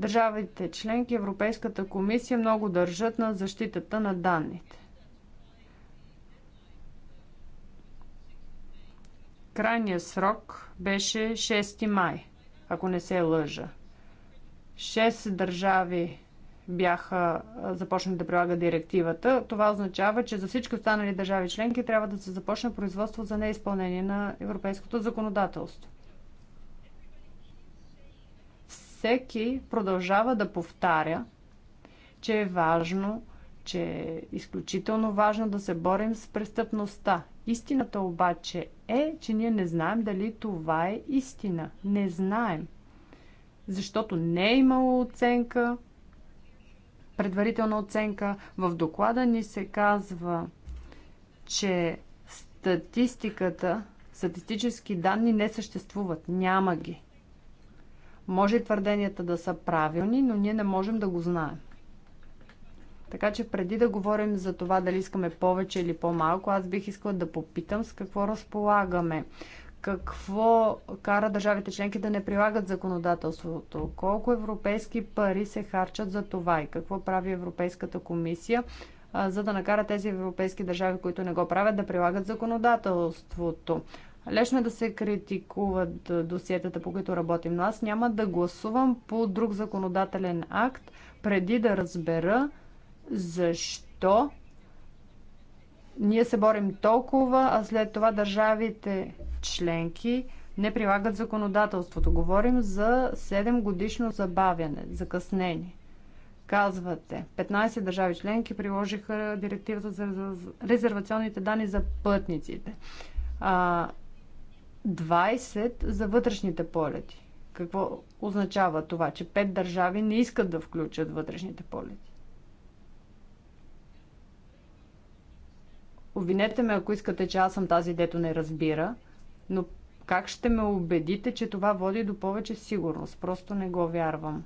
Държавите членки, Европейската комисия много държат на защитата на данните. Крайният срок беше 6 май, ако не се лъжа. Шест държави бяха започнали да прилагат директивата. Това означава, че за всички останали държави членки трябва да се започне производство за неизпълнение на европейското законодателство всеки продължава да повтаря, че е важно, че е изключително важно да се борим с престъпността. Истината обаче е, че ние не знаем дали това е истина. Не знаем. Защото не е имало оценка, предварителна оценка. В доклада ни се казва, че статистиката, статистически данни не съществуват. Няма ги. Може и твърденията да са правилни, но ние не можем да го знаем. Така че преди да говорим за това дали искаме повече или по-малко, аз бих искала да попитам с какво разполагаме. Какво кара държавите членки да не прилагат законодателството? Колко европейски пари се харчат за това и какво прави Европейската комисия, за да накара тези европейски държави, които не го правят, да прилагат законодателството? Лесно е да се критикуват досиетата, по които работим, но аз няма да гласувам по друг законодателен акт, преди да разбера защо ние се борим толкова, а след това държавите членки не прилагат законодателството. Говорим за 7 годишно забавяне, закъснение. Казвате, 15 държави членки приложиха директивата за резервационните данни за пътниците. А, 20 за вътрешните полети. Какво означава това? Че 5 държави не искат да включат вътрешните полети. Обвинете ме, ако искате, че аз съм тази, дето не разбира, но как ще ме убедите, че това води до повече сигурност? Просто не го вярвам.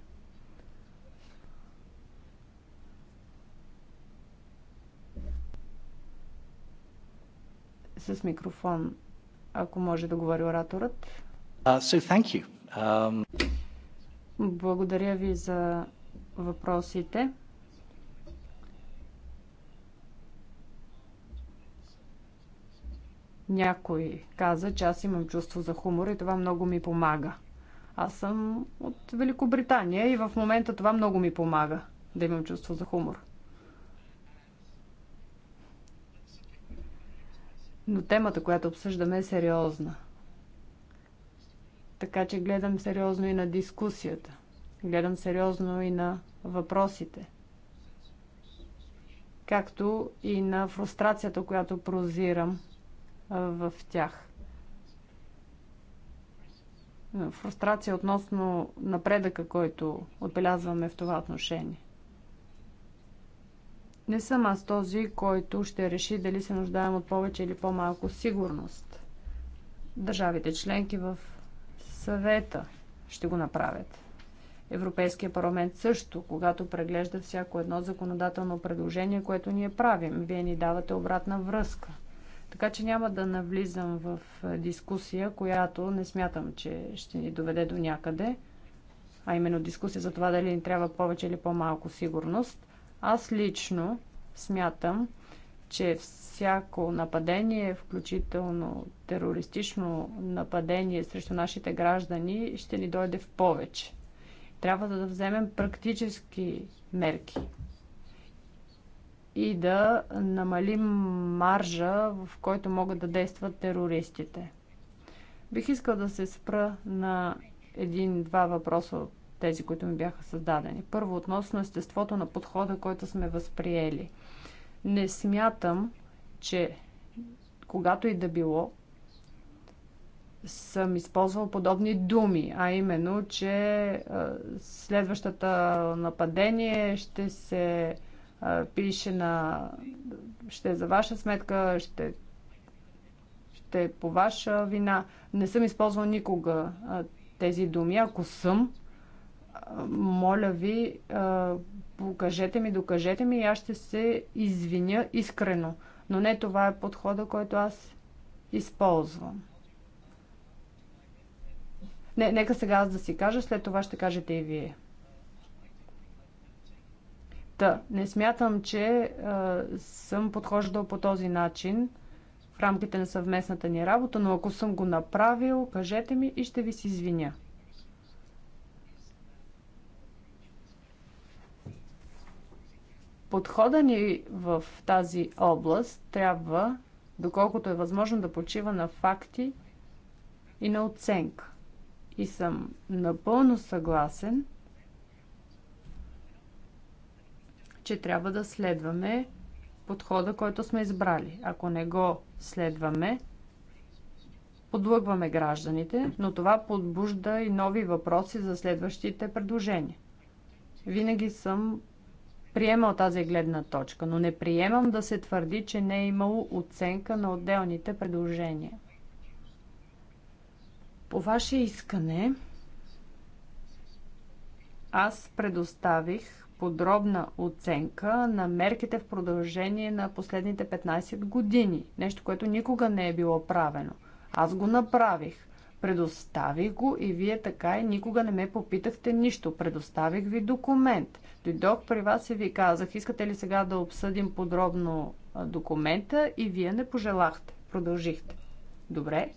С микрофон ако може да говори ораторът. Uh, so thank you. Um... Благодаря ви за въпросите. Някой каза, че аз имам чувство за хумор и това много ми помага. Аз съм от Великобритания и в момента това много ми помага да имам чувство за хумор. Но темата, която обсъждаме, е сериозна. Така че гледам сериозно и на дискусията. Гледам сериозно и на въпросите. Както и на фрустрацията, която прозирам в тях. Фрустрация относно напредъка, който отбелязваме в това отношение. Не съм аз този, който ще реши дали се нуждаем от повече или по-малко сигурност. Държавите членки в съвета ще го направят. Европейския парламент също, когато преглежда всяко едно законодателно предложение, което ние правим. Вие ни давате обратна връзка. Така че няма да навлизам в дискусия, която не смятам, че ще ни доведе до някъде, а именно дискусия за това дали ни трябва повече или по-малко сигурност – аз лично смятам, че всяко нападение, включително терористично нападение срещу нашите граждани, ще ни дойде в повече. Трябва да вземем практически мерки и да намалим маржа, в който могат да действат терористите. Бих искал да се спра на един-два въпроса от тези, които ми бяха създадени. Първо, относно естеството на подхода, който сме възприели. Не смятам, че когато и да било, съм използвал подобни думи, а именно, че следващата нападение ще се пише на... ще е за ваша сметка, ще ще е по ваша вина. Не съм използвал никога тези думи. Ако съм, моля ви, покажете ми, докажете ми и аз ще се извиня искрено. Но не това е подхода, който аз използвам. Не, нека сега аз да си кажа, след това ще кажете и вие. Та, не смятам, че а, съм подхождал по този начин в рамките на съвместната ни работа, но ако съм го направил, кажете ми и ще ви се извиня. подхода ни в тази област трябва, доколкото е възможно, да почива на факти и на оценка. И съм напълно съгласен, че трябва да следваме подхода, който сме избрали. Ако не го следваме, подлъгваме гражданите, но това подбужда и нови въпроси за следващите предложения. Винаги съм приемал тази гледна точка, но не приемам да се твърди, че не е имало оценка на отделните предложения. По ваше искане, аз предоставих подробна оценка на мерките в продължение на последните 15 години. Нещо, което никога не е било правено. Аз го направих – Предоставих го и вие така и никога не ме попитахте нищо. Предоставих ви документ. Дойдох при вас и ви казах, искате ли сега да обсъдим подробно документа и вие не пожелахте. Продължихте. Добре.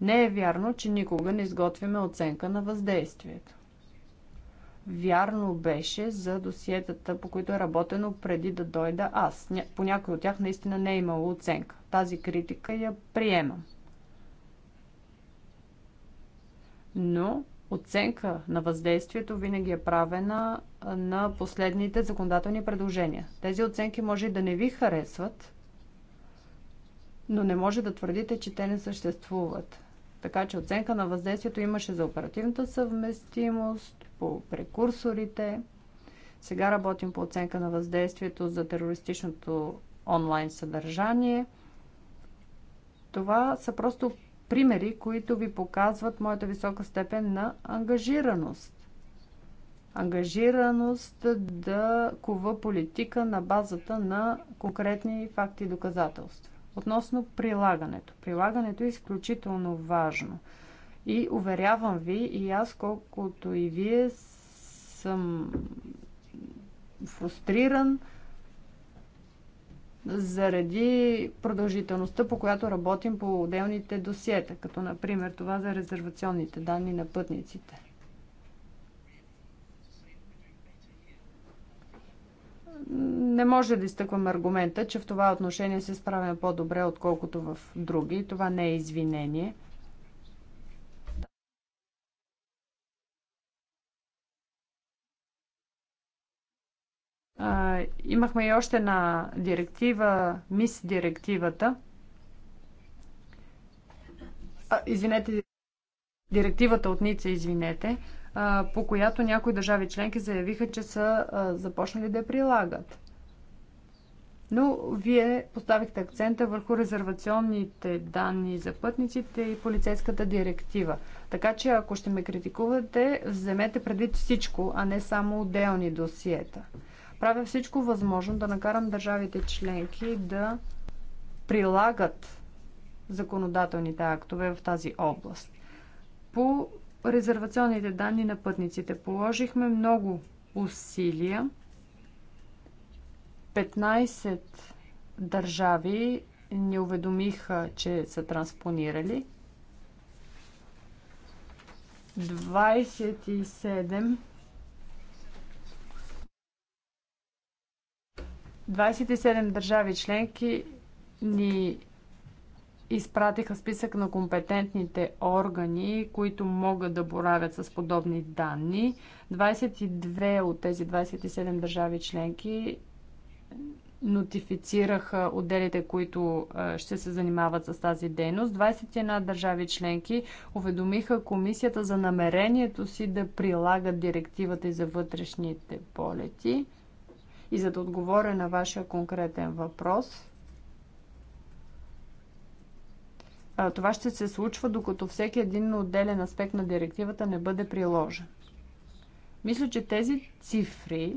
Не е вярно, че никога не изготвяме оценка на въздействието вярно беше за досиетата, по които е работено преди да дойда аз. По някой от тях наистина не е имало оценка. Тази критика я приемам. Но оценка на въздействието винаги е правена на последните законодателни предложения. Тези оценки може и да не ви харесват, но не може да твърдите, че те не съществуват. Така че оценка на въздействието имаше за оперативната съвместимост, по прекурсорите. Сега работим по оценка на въздействието за терористичното онлайн съдържание. Това са просто примери, които ви показват моята висока степен на ангажираност. Ангажираност да кува политика на базата на конкретни факти и доказателства. Относно прилагането. Прилагането е изключително важно – и уверявам ви, и аз колкото и вие съм фрустриран заради продължителността, по която работим по отделните досиета, като например това за резервационните данни на пътниците. не може да изтъквам аргумента, че в това отношение се справяме по-добре, отколкото в други. Това не е извинение – Имахме и още една директива, мис директивата. А, извинете, директивата от Ница, извинете, а, по която някои държави членки заявиха, че са а, започнали да прилагат. Но вие поставихте акцента върху резервационните данни за пътниците и полицейската директива. Така че, ако ще ме критикувате, вземете предвид всичко, а не само отделни досиета. Правя всичко възможно да накарам държавите членки да прилагат законодателните актове в тази област. По резервационните данни на пътниците положихме много усилия. 15 държави ни уведомиха, че са транспонирали. 27 27 държави членки ни изпратиха списък на компетентните органи, които могат да боравят с подобни данни. 22 от тези 27 държави членки нотифицираха отделите, които ще се занимават с тази дейност. 21 държави членки уведомиха комисията за намерението си да прилагат директивата и за вътрешните полети. И за да отговоря на вашия конкретен въпрос, това ще се случва, докато всеки един отделен аспект на директивата не бъде приложен. Мисля, че тези цифри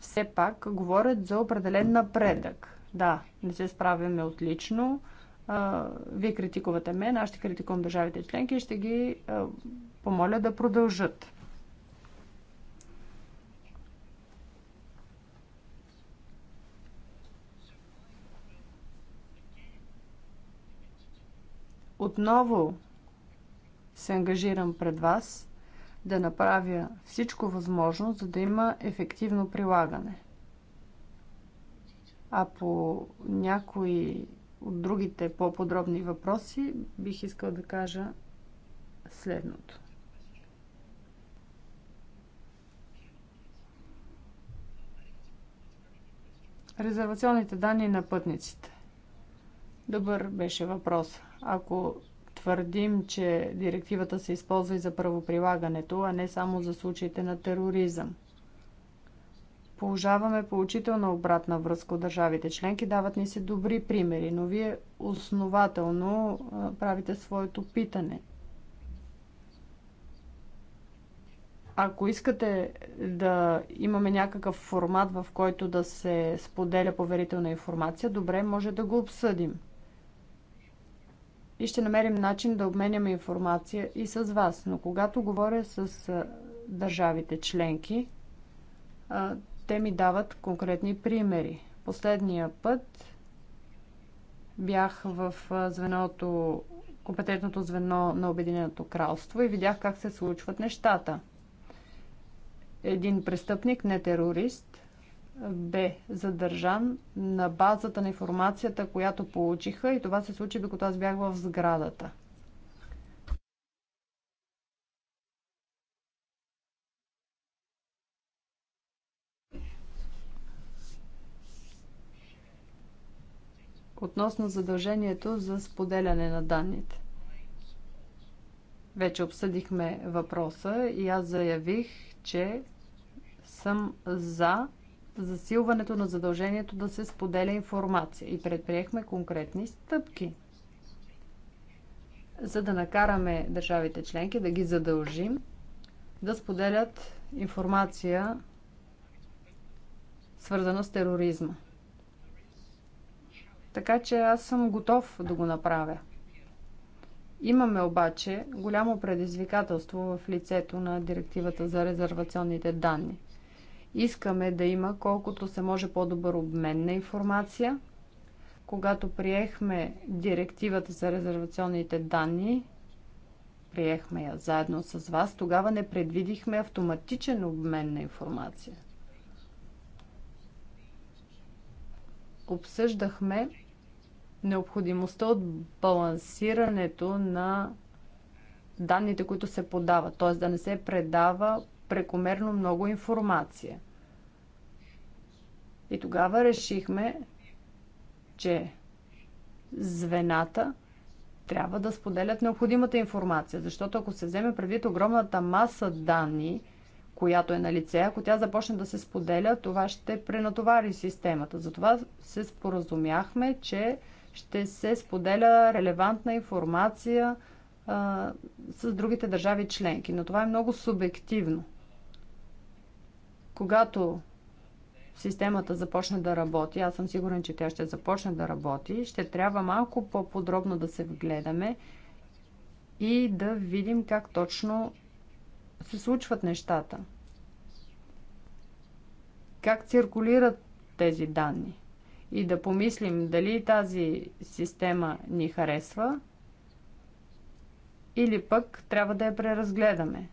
все пак говорят за определен напредък. Да, не се справяме отлично. Вие критикувате мен, аз ще критикувам държавите членки и ще ги помоля да продължат. Отново се ангажирам пред вас да направя всичко възможно, за да има ефективно прилагане. А по някои от другите по-подробни въпроси бих искал да кажа следното. Резервационните данни на пътниците. Добър беше въпрос ако твърдим, че директивата се използва и за правоприлагането, а не само за случаите на тероризъм. Получаваме поучителна обратна връзка от държавите членки, дават ни се добри примери, но вие основателно правите своето питане. Ако искате да имаме някакъв формат, в който да се споделя поверителна информация, добре, може да го обсъдим и ще намерим начин да обменяме информация и с вас. Но когато говоря с държавите членки, те ми дават конкретни примери. Последния път бях в звеното, компетентното звено на Обединеното кралство и видях как се случват нещата. Един престъпник, не терорист, бе задържан на базата на информацията, която получиха и това се случи, докато аз бях в сградата. Относно задължението за споделяне на данните. Вече обсъдихме въпроса и аз заявих, че съм за засилването на задължението да се споделя информация и предприехме конкретни стъпки, за да накараме държавите членки да ги задължим да споделят информация, свързана с тероризма. Така че аз съм готов да го направя. Имаме обаче голямо предизвикателство в лицето на директивата за резервационните данни. Искаме да има колкото се може по-добър обмен на информация. Когато приехме директивата за резервационните данни, приехме я заедно с вас, тогава не предвидихме автоматичен обмен на информация. Обсъждахме необходимостта от балансирането на данните, които се подават, т.е. да не се предава прекомерно много информация. И тогава решихме, че звената трябва да споделят необходимата информация, защото ако се вземе предвид огромната маса данни, която е на лице, ако тя започне да се споделя, това ще пренатовари системата. Затова се споразумяхме, че ще се споделя релевантна информация а, с другите държави членки. Но това е много субективно. Когато системата започне да работи, аз съм сигурен, че тя ще започне да работи, ще трябва малко по-подробно да се вгледаме и да видим как точно се случват нещата. Как циркулират тези данни. И да помислим дали тази система ни харесва или пък трябва да я преразгледаме.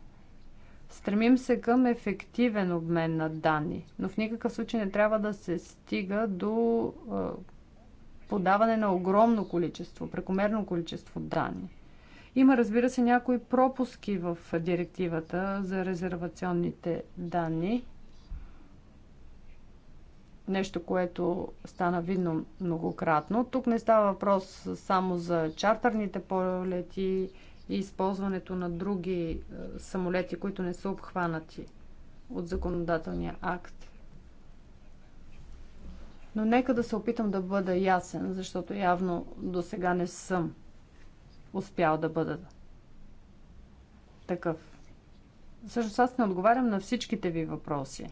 Стремим се към ефективен обмен на данни, но в никакъв случай не трябва да се стига до подаване на огромно количество, прекомерно количество данни. Има, разбира се, някои пропуски в директивата за резервационните данни. Нещо, което стана видно многократно. Тук не става въпрос само за чартерните полети и използването на други е, самолети, които не са обхванати от законодателния акт. Но нека да се опитам да бъда ясен, защото явно до сега не съм успял да бъда такъв. Също аз не отговарям на всичките ви въпроси.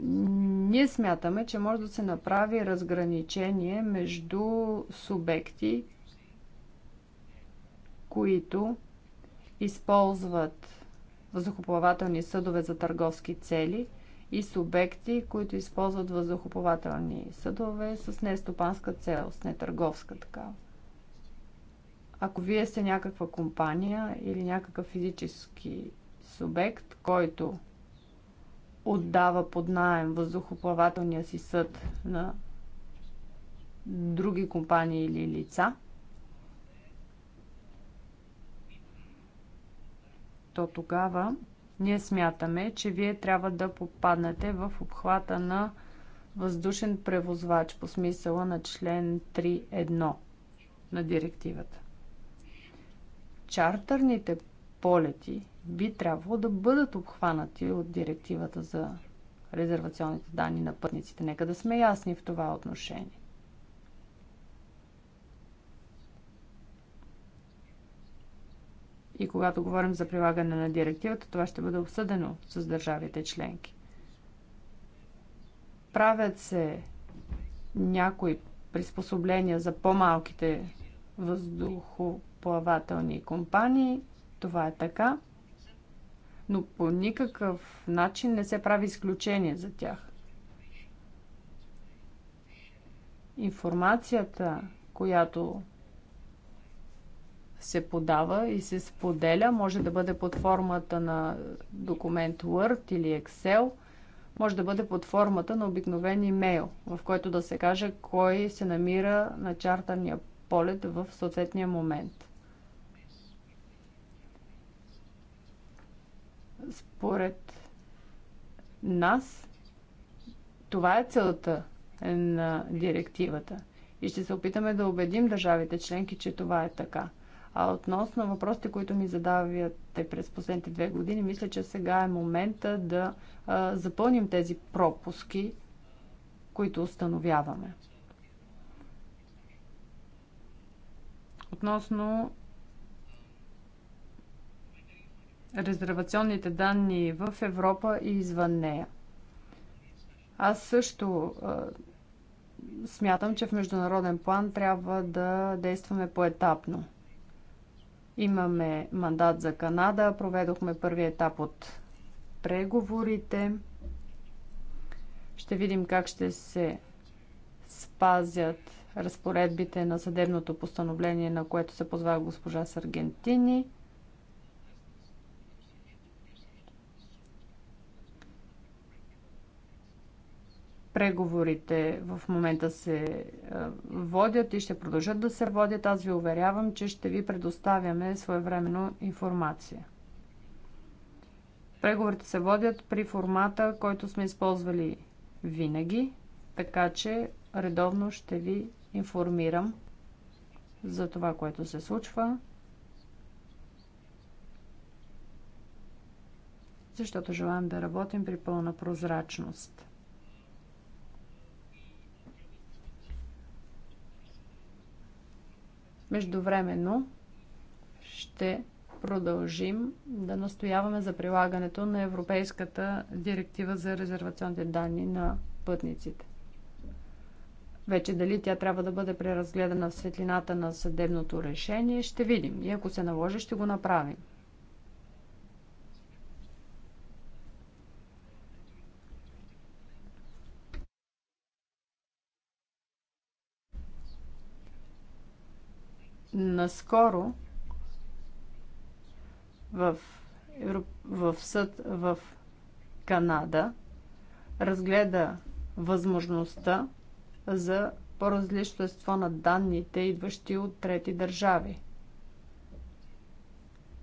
Ние смятаме, че може да се направи разграничение между субекти, които използват въздухоплавателни съдове за търговски цели и субекти, които използват въздухоплавателни съдове с нестопанска цел, с нетърговска такава. Ако вие сте някаква компания или някакъв физически субект, който отдава под найем въздухоплавателния си съд на други компании или лица, то тогава ние смятаме, че вие трябва да попаднете в обхвата на въздушен превозвач по смисъла на член 3.1 на директивата. Чартерните полети би трябвало да бъдат обхванати от директивата за резервационните данни на пътниците. Нека да сме ясни в това отношение. И когато говорим за прилагане на директивата, това ще бъде обсъдено с държавите членки. Правят се някои приспособления за по-малките въздухоплавателни компании. Това е така. Но по никакъв начин не се прави изключение за тях. Информацията, която се подава и се споделя. Може да бъде под формата на документ Word или Excel. Може да бъде под формата на обикновен имейл, в който да се каже кой се намира на чартания полет в съответния момент. Според нас, това е целта на директивата. И ще се опитаме да убедим държавите членки, че това е така. А относно въпросите, които ми задавате през последните две години, мисля, че сега е момента да а, запълним тези пропуски, които установяваме. Относно резервационните данни в Европа и извън нея. Аз също а, смятам, че в международен план трябва да действаме поетапно. Имаме мандат за Канада. Проведохме първи етап от преговорите. Ще видим как ще се спазят разпоредбите на съдебното постановление, на което се позвава госпожа Саргентини. преговорите в момента се е, водят и ще продължат да се водят. Аз ви уверявам, че ще ви предоставяме своевременно информация. Преговорите се водят при формата, който сме използвали винаги, така че редовно ще ви информирам за това, което се случва. Защото желаем да работим при пълна прозрачност. Междувременно ще продължим да настояваме за прилагането на Европейската директива за резервационните данни на пътниците. Вече дали тя трябва да бъде преразгледана в светлината на съдебното решение, ще видим. И ако се наложи, ще го направим. Наскоро в, в съд в Канада разгледа възможността за по-различно на данните, идващи от трети държави.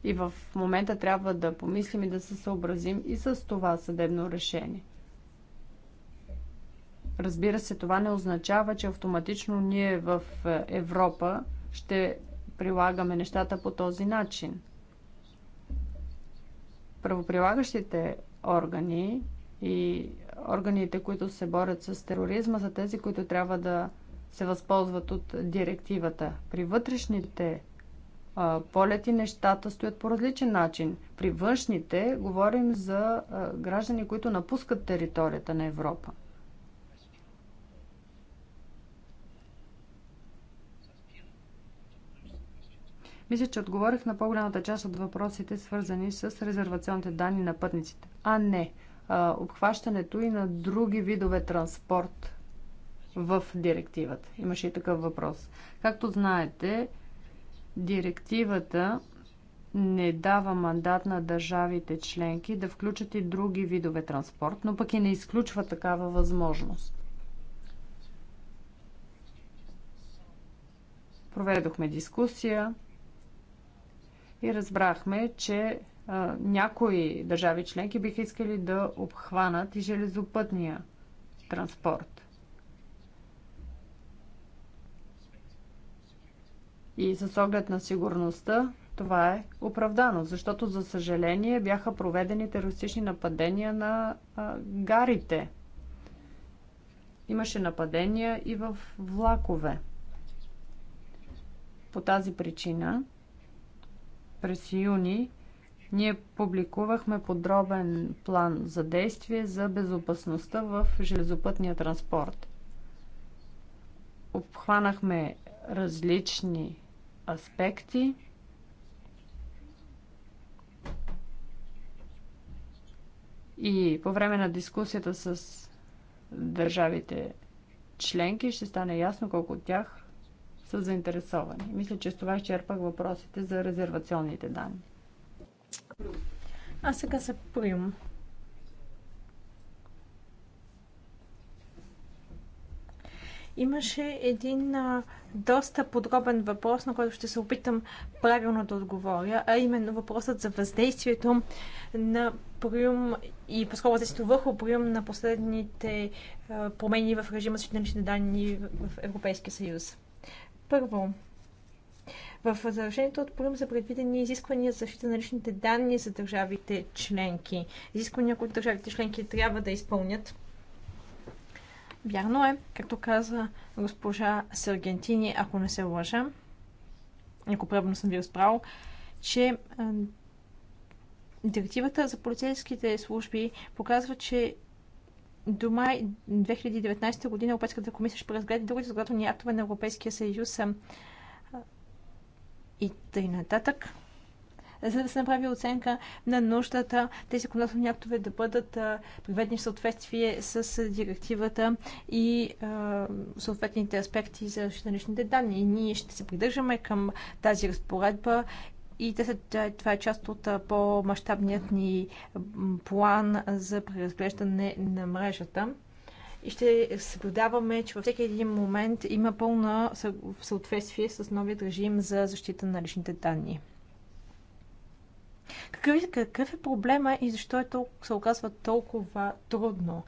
И в момента трябва да помислим и да се съобразим и с това съдебно решение. Разбира се, това не означава, че автоматично ние в Европа ще прилагаме нещата по този начин. Правоприлагащите органи и органите, които се борят с тероризма, са тези, които трябва да се възползват от директивата. При вътрешните а, полети нещата стоят по различен начин. При външните говорим за а, граждани, които напускат територията на Европа. Мисля, че отговорих на по-голямата част от въпросите, свързани с резервационните данни на пътниците. А не, обхващането и на други видове транспорт в директивата. Имаше и такъв въпрос. Както знаете, директивата не дава мандат на държавите членки да включат и други видове транспорт, но пък и не изключва такава възможност. Проведохме дискусия и разбрахме, че а, някои държави членки биха искали да обхванат и железопътния транспорт. И с оглед на сигурността, това е оправдано, защото за съжаление бяха проведени терористични нападения на а, гарите. Имаше нападения и в влакове. По тази причина през юни ние публикувахме подробен план за действие за безопасността в железопътния транспорт. Обхванахме различни аспекти. И по време на дискусията с държавите членки ще стане ясно колко от тях са заинтересовани. Мисля, че с това изчерпах въпросите за резервационните данни. А сега се прием. Имаше един а, доста подробен въпрос, на който ще се опитам правилно да отговоря, а именно въпросът за въздействието на прием и по-скоро въздействието върху прием на последните а, промени в режима с лични данни в Европейския съюз. Първо, в разрешението от Пурим са предвидени изисквания за защита на личните данни за държавите членки. Изисквания, които държавите членки трябва да изпълнят. Вярно е, както каза госпожа Саргентини, ако не се лъжа, ако правилно съм ви разправил, че директивата за полицейските служби показва, че до май 2019 година Европейската комисия ще преразгледа другите законодателни актове на Европейския съюз и тъй нататък, за да се направи оценка на нуждата тези законодателни актове да бъдат приведени в съответствие с директивата и съответните аспекти за личните данни. И ние ще се придържаме към тази разпоредба и те са, е- това е част от по-масштабният ни план за преразглеждане на мрежата. И ще съблюдаваме, че във всеки един момент има пълна съответствие с новият режим за защита на личните данни. Какъв, е- какъв е проблема и защо е толкова, се оказва толкова трудно?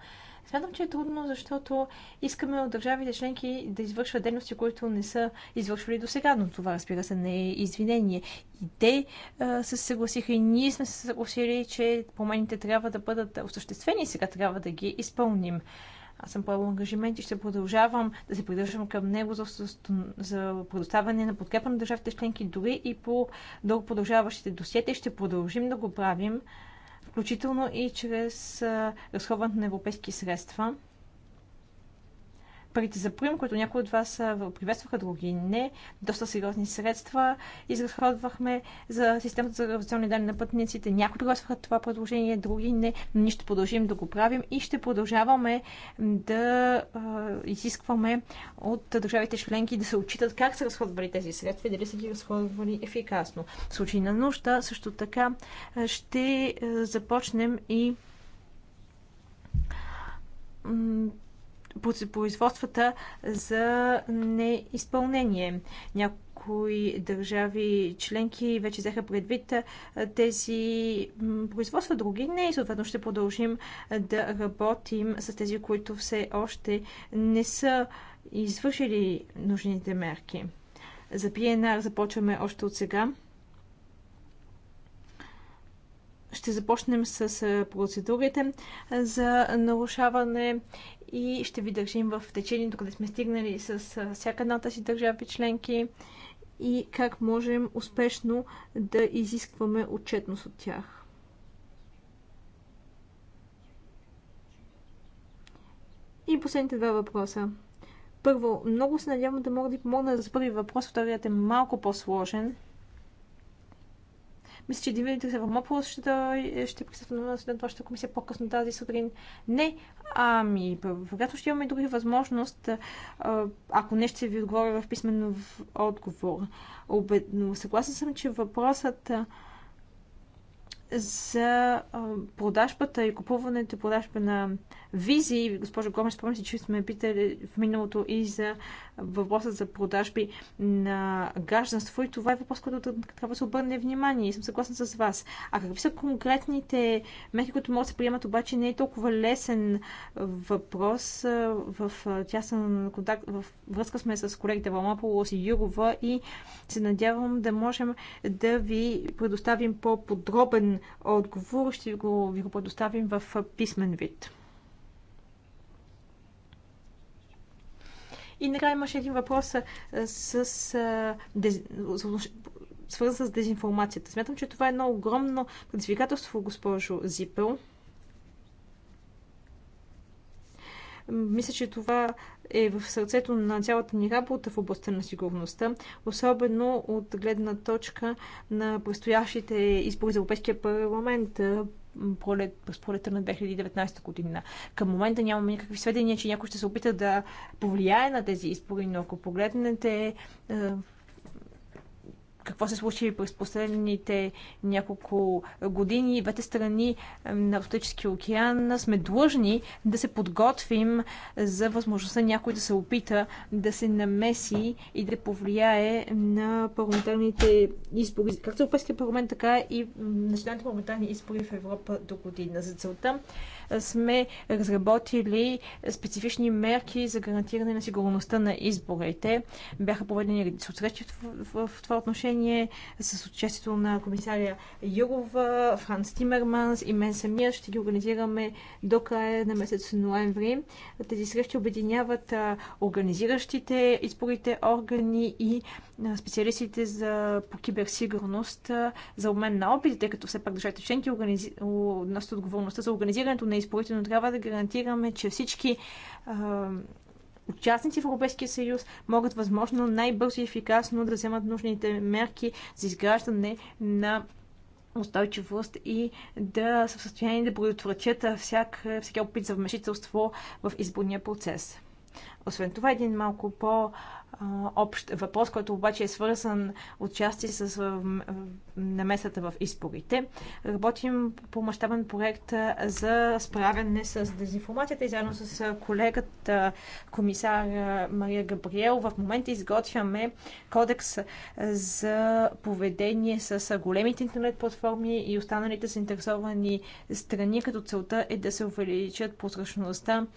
Смятам, че е трудно, защото искаме от държавите членки да извършват дейности, които не са извършвали до сега, но това разбира се не е извинение. И те се съгласиха и ние сме се съгласили, че промените трябва да бъдат осъществени и сега трябва да ги изпълним. Аз съм поел ангажимент и ще продължавам да се придържам към него за, за предоставяне на подкрепа на държавите членки, дори и по дълго продължаващите досиета. Ще продължим да го правим включително и чрез разходването на европейски средства парите за прием, които някои от вас приветстваха, други не, доста сериозни средства изразходвахме за системата за гравационни данни на пътниците. Някои приветстваха това предложение, други не, но ние ще продължим да го правим и ще продължаваме да изискваме от държавите членки да се отчитат как са разходвали тези средства и дали са ги разходвали ефикасно. В случай на нужда също така ще започнем и производствата за неизпълнение. Някои държави членки вече взеха предвид тези производства, други не и съответно ще продължим да работим с тези, които все още не са извършили нужните мерки. За PNR започваме още от сега. ще започнем с процедурите за нарушаване и ще ви държим в течението, къде сме стигнали с всяка една тази държави членки и как можем успешно да изискваме отчетност от тях. И последните два въпроса. Първо, много се надявам да мога да ви помогна за първи въпрос, вторият е малко по-сложен – мисля, че Димитър Савамопулос ще, ще присъства на следващата комисия по-късно тази сутрин. Не, ами, когато ще имаме други възможност, ако не ще ви отговоря в писмен отговор. Обедно, съгласен съм, че въпросът за продажбата и купуването и продажба на визи. Госпожо Гомес, спомням си, че сме питали в миналото и за въпроса за продажби на гражданство и това е въпрос, който трябва да се обърне внимание и съм съгласна с вас. А какви са конкретните мерки, които могат да се приемат, обаче не е толкова лесен въпрос в тясен контакт, в връзка сме с колегите Валмаполос и Юрова и се надявам да можем да ви предоставим по-подробен отговор. Ще ви го, ви го предоставим в писмен вид. И накрая имаше един въпрос с, а, дез свързан с дезинформацията. Смятам, че това е едно огромно предизвикателство, госпожо Зипел. Мисля, че това е в сърцето на цялата ни работа в областта на сигурността, особено от гледна точка на предстоящите избори за Европейския парламент пролет, през пролета на 2019 година. Към момента нямаме никакви сведения, че някой ще се опита да повлияе на тези избори, но ако погледнете е, какво се случи през последните няколко години. Двете страни на Атлантическия океан сме длъжни да се подготвим за възможността някой да се опита да се намеси и да повлияе на парламентарните избори, както Европейския парламент, така и националните парламентарни избори в Европа до година. За целта сме разработили специфични мерки за гарантиране на сигурността на изборите. Бяха проведени редица отсрещи в, в, в това отношение с участието на комисаря Юрова, Франц Тимерманс и мен самия. Ще ги организираме до края на месец ноември. Тези срещи обединяват организиращите изборите органи и специалистите за, по киберсигурност за обмен на опит, тъй като все пак държавите членки носят отговорността за организирането на на изборите, но трябва да гарантираме, че всички а, участници в Европейския съюз могат възможно най-бързо и ефикасно да вземат нужните мерки за изграждане на устойчивост и да са в състояние да предотвратят всяк, всеки опит за вмешителство в изборния процес. Освен това, един малко по- общ въпрос, който обаче е свързан отчасти с намесата в изборите. Работим по мащабен проект за справяне с дезинформацията и заедно с колегата комисар Мария Габриел в момента изготвяме кодекс за поведение с големите интернет платформи и останалите заинтересовани страни, като целта е да се увеличат прозрачността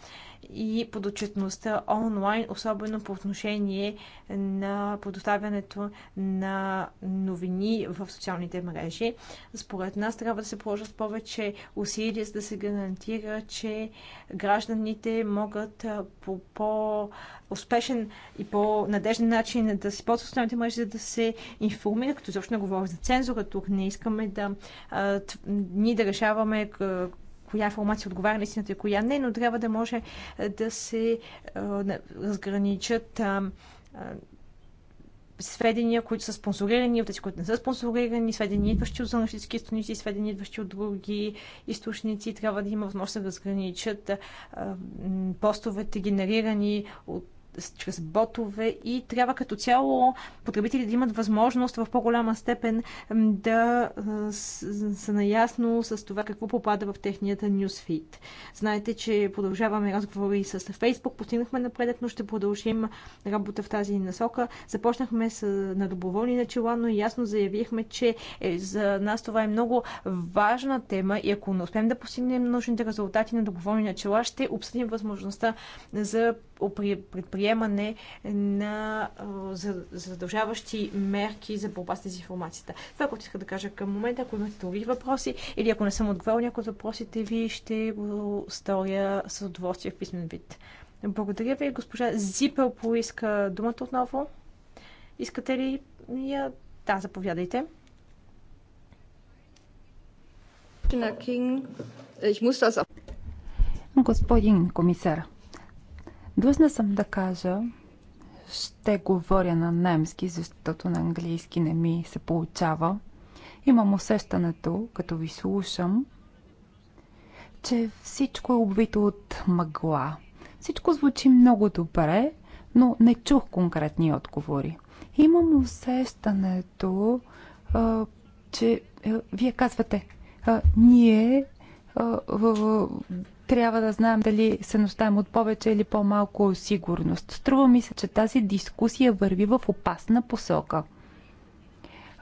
и подотчетността онлайн, особено по отношение на предоставянето на новини в социалните мрежи. Според нас трябва да се положат повече усилия, за да се гарантира, че гражданите могат по по-успешен и по-надежден начин да си ползват социалните мрежи, за да се информират, като изобщо не говоря за цензура. Тук не искаме да, а, ни да решаваме коя информация отговаря на истината и коя не, но трябва да може да се разграничат сведения, които са спонсорирани, от тези, които не са спонсорирани, сведения, идващи от журналистически източници, сведения, идващи от други източници. Трябва да има възможност да разграничат постовете, генерирани от чрез ботове и трябва като цяло потребители да имат възможност в по-голяма степен да са наясно с това какво попада в техният нюсфит. Знаете, че продължаваме разговори с Facebook, постигнахме напредък, но ще продължим работа в тази насока. Започнахме с, на доброволни начала, но ясно заявихме, че е, за нас това е много важна тема и ако не успеем да постигнем нужните резултати на доброволни начала, ще обсъдим възможността за предприятие приемане на задължаващи мерки за борба с дезинформацията. Това, е което иска да кажа към момента, ако имате други въпроси или ако не съм отговорил някои от въпросите ви, ще го сторя с удоволствие в писмен вид. Благодаря ви. Госпожа Зипел поиска думата отново. Искате ли я? Да, заповядайте. Е, Господин комисар, Длъжна съм да кажа, ще говоря на немски, защото на английски не ми се получава. Имам усещането, като ви слушам, че всичко е обвито от мъгла. Всичко звучи много добре, но не чух конкретни отговори. Имам усещането, а, че а, вие казвате, а, ние а, трябва да знаем дали се нуждаем от повече или по-малко сигурност. Струва ми се, че тази дискусия върви в опасна посока.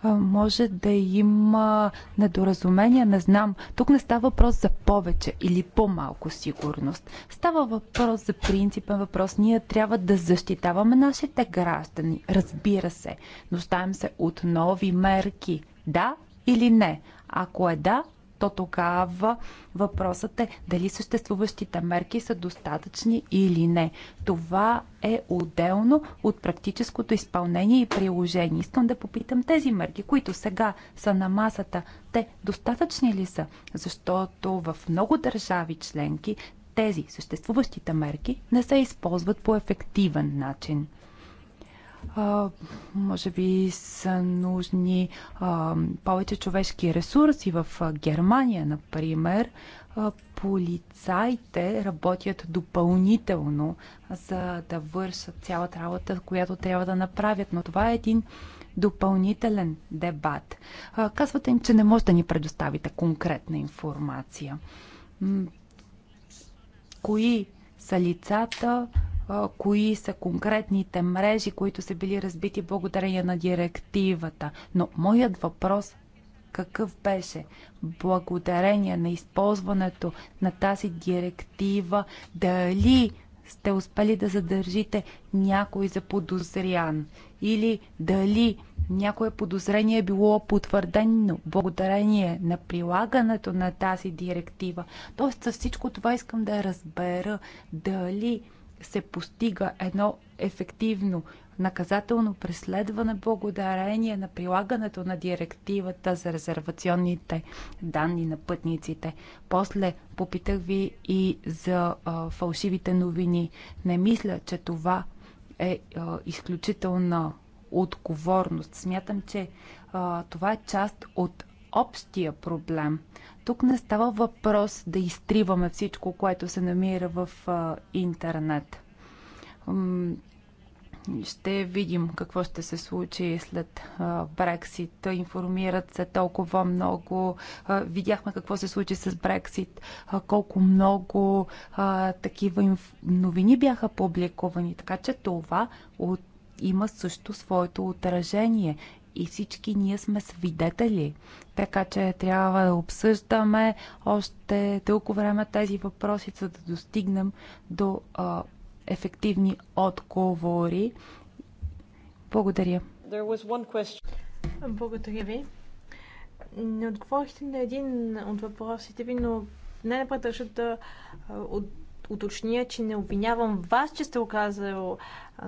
Може да има недоразумения, не знам. Тук не става въпрос за повече или по-малко сигурност. Става въпрос за принципен въпрос. Ние трябва да защитаваме нашите граждани. Разбира се. Нуждаем се от нови мерки. Да или не? Ако е да, то тогава въпросът е дали съществуващите мерки са достатъчни или не. Това е отделно от практическото изпълнение и приложение. Искам да попитам тези мерки, които сега са на масата, те достатъчни ли са? Защото в много държави членки тези съществуващите мерки не се използват по ефективен начин може би са нужни а, повече човешки ресурси. В Германия, например, а, полицайите работят допълнително, за да вършат цялата работа, която трябва да направят. Но това е един допълнителен дебат. А, казвате им, че не може да ни предоставите конкретна информация. Кои са лицата, кои са конкретните мрежи, които са били разбити благодарение на директивата. Но моят въпрос какъв беше? Благодарение на използването на тази директива, дали сте успели да задържите някой за подозрян или дали някое подозрение е било потвърдено благодарение на прилагането на тази директива. Тоест, всичко това искам да разбера дали се постига едно ефективно наказателно преследване благодарение на прилагането на директивата за резервационните данни на пътниците. После попитах ви и за а, фалшивите новини. Не мисля, че това е а, изключителна отговорност. Смятам, че а, това е част от общия проблем. Тук не става въпрос да изтриваме всичко, което се намира в интернет. Ще видим какво ще се случи след Брексит. Информират се толкова много. Видяхме какво се случи с Брексит. Колко много такива новини бяха публикувани. Така че това от има също своето отражение и всички ние сме свидетели. Така че трябва да обсъждаме още дълго време тези въпроси, за да достигнем до а, ефективни отговори. Благодаря. Благодаря ви. Не отговорихте на един от въпросите ви, но не напред държа да от, уточня, че не обвинявам вас, че сте оказал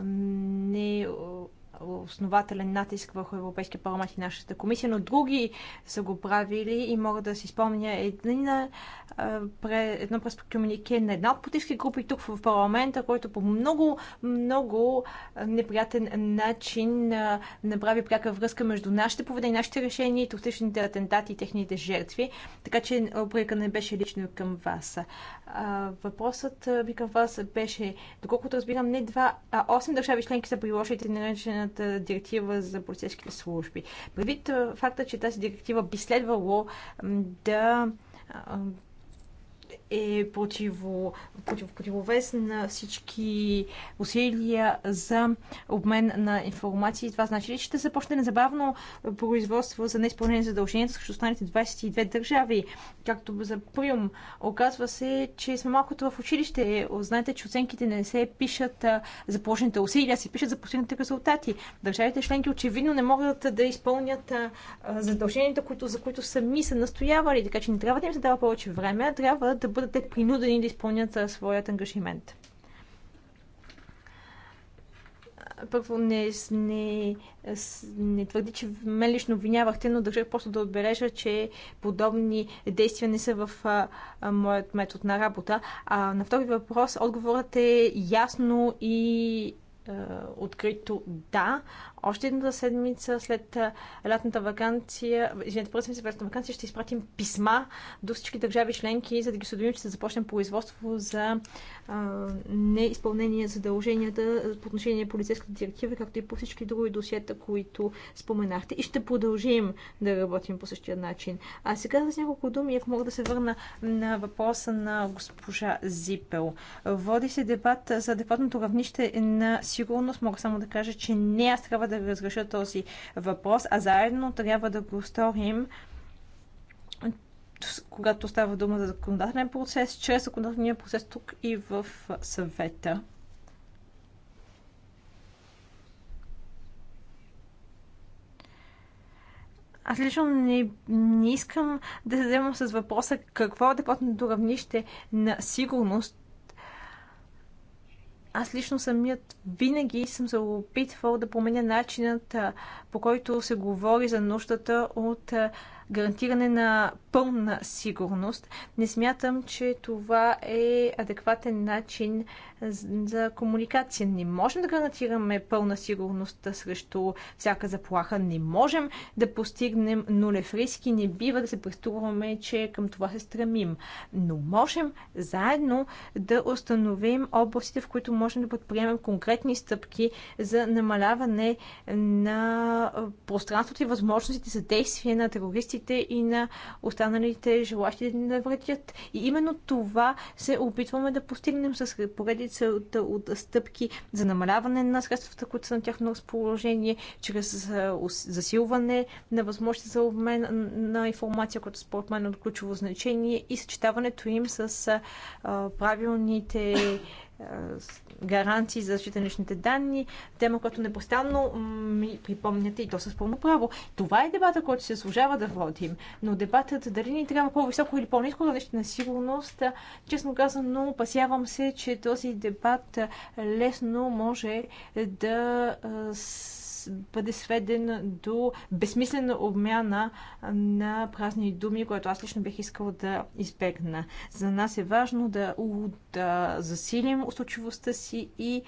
не основателен натиск върху Европейския парламент и нашата комисия, но други са го правили и мога да си спомня една, едно през комюнике на една от политически групи тук в парламента, който по много, много неприятен начин направи пряка връзка между нашите поведения, нашите решения и токсичните атентати и техните жертви. Така че обрека не беше лично към вас. Въпросът ми към вас беше, доколкото разбирам, не два, а 8 държави членки са приложили на съвременната директива за полицейските служби. Предвид факта, че тази директива би следвало да е противо, против, противовес на всички усилия за обмен на информации. Това значи ли, че ще започне незабавно производство за неизпълнение задълженията срещу останалите 22 държави, както за прием. Оказва се, че сме малкото в училище. Знаете, че оценките не се пишат за положените усилия, се пишат за постигнатите резултати. Държавите членки очевидно не могат да изпълнят задълженията, които, за които сами са настоявали, така че не трябва да им се дава повече време, а трябва да бъдат те принудени да изпълнят своят ангажимент. Първо, не, не, не твърди, че мен лично обвинявахте, но държах просто да отбележа, че подобни действия не са в а, а, моят метод на работа. А на втори въпрос отговорът е ясно и открито да. Още една седмица след лятната вакансия, извинете, първата седмица лятната вакансия ще изпратим писма до всички държави членки, за да ги съдобим, че се започнем производство за а, неизпълнение задълженията по отношение на полицейската директива, както и по всички други досиета, които споменахте. И ще продължим да работим по същия начин. А сега с няколко думи, ако мога да се върна на въпроса на госпожа Зипел. Води се дебат за адекватното равнище на сигурност. Мога само да кажа, че не аз трябва да разреша този въпрос, а заедно трябва да го сторим когато става дума за законодателен процес, чрез законодателния процес тук и в съвета. Аз лично не, не искам да се вземам с въпроса какво е адекватното равнище на сигурност аз лично самият винаги съм се опитвал да променя начинът по който се говори за нуждата от гарантиране на пълна сигурност. Не смятам, че това е адекватен начин за комуникация. Не можем да гарантираме пълна сигурност срещу всяка заплаха. Не можем да постигнем нулев риск и не бива да се преструваме, че към това се стремим. Но можем заедно да установим областите, в които можем да предприемем конкретни стъпки за намаляване на пространството и възможностите за действие на терористи интересите и на останалите желащи да ни навредят. И именно това се опитваме да постигнем с поредица от стъпки за намаляване на средствата, които са на тяхно разположение, чрез засилване на възможности за обмен на информация, която според мен е от ключово значение и съчетаването им с правилните гаранции за защита на личните данни, тема, която непостанно ми припомняте и то с пълно право. Това е дебата, който се служава да водим, но дебатът дали ни трябва по-високо или по-низко нещо на сигурност, честно казано, опасявам се, че този дебат лесно може да бъде сведен до безсмислена обмяна на празни думи, което аз лично бих искала да избегна. За нас е важно да, да засилим устойчивостта си и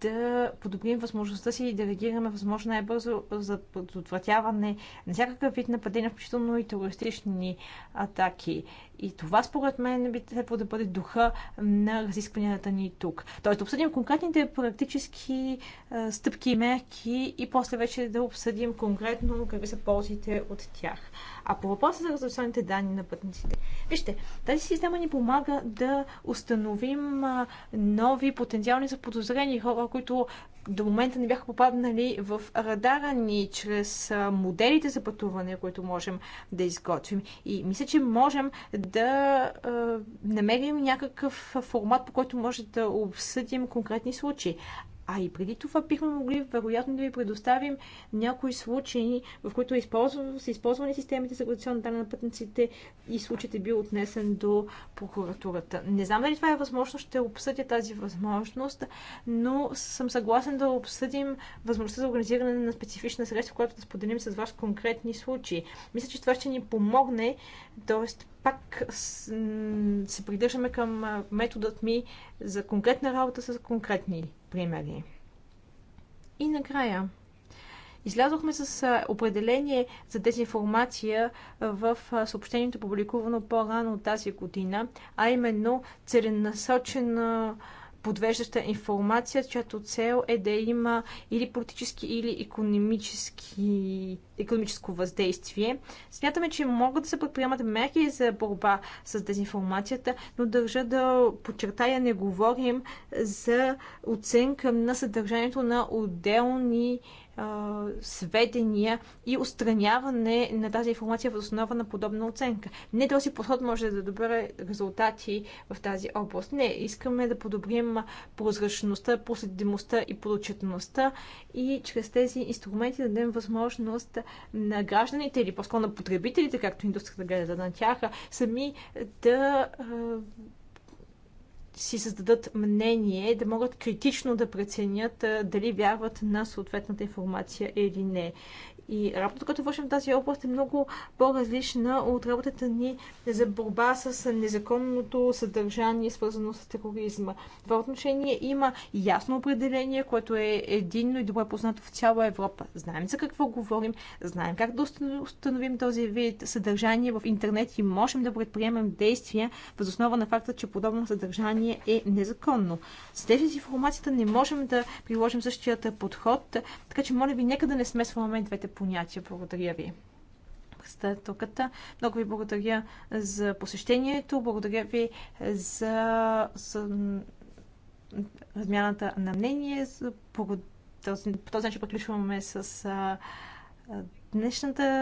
да подобрим възможността си и да реагираме възможно най-бързо за предотвратяване на всякакъв вид нападения, включително и терористични атаки. И това, според мен, би трябвало да бъде духа на разискванията ни тук. Тоест, да обсъдим конкретните практически а, стъпки и мерки и после вече да обсъдим конкретно какви са ползите от тях. А по въпроса за разрешените данни на пътниците. Вижте, тази система ни помага да установим нови потенциални заподозрени хора, които до момента не бяха попаднали в радара ни чрез моделите за пътуване, които можем да изготвим. И мисля, че можем да намерим някакъв формат, по който може да обсъдим конкретни случаи. А и преди това бихме могли, вероятно, да ви предоставим някои случаи, в които е са използвани системите за градационна данна на пътниците и случаят е бил отнесен до прокуратурата. Не знам дали това е възможно, ще обсъдя тази възможност, но съм съгласен да обсъдим възможността за организиране на специфична среща, която да споделим с вас конкретни случаи. Мисля, че това ще ни помогне, т.е пак се придържаме към методът ми за конкретна работа с конкретни примери. И накрая. Излязохме с определение за дезинформация в съобщението, публикувано по-рано тази година, а именно целенасочена подвеждаща информация, чиято цел е да има или политически, или економически, економическо въздействие. Смятаме, че могат да се предприемат мерки за борба с дезинформацията, но държа да подчертая, не говорим за оценка на съдържанието на отделни сведения и устраняване на тази информация в основа на подобна оценка. Не този подход може да добре резултати в тази област. Не, искаме да подобрим прозрачността, последимостта и подотчетността и чрез тези инструменти да дадем възможност на гражданите или по-скоро на потребителите, както индустрията гледа на тях, сами да си създадат мнение, да могат критично да преценят дали вярват на съответната информация или не. И работата, която вършим в тази област е много по-различна от работата ни за борба с незаконното съдържание, свързано с тероризма. В това отношение има ясно определение, което е единно и добре познато в цяла Европа. Знаем за какво говорим, знаем как да установим този вид съдържание в интернет и можем да предприемем действия въз основа на факта, че подобно съдържание е незаконно. С тези информацията не можем да приложим същията подход, така че моля ви, нека да не смесваме двете понятия. Благодаря ви. Председателката, много ви благодаря за посещението, благодаря ви за, за размяната на мнение. По този начин приключваме с днешната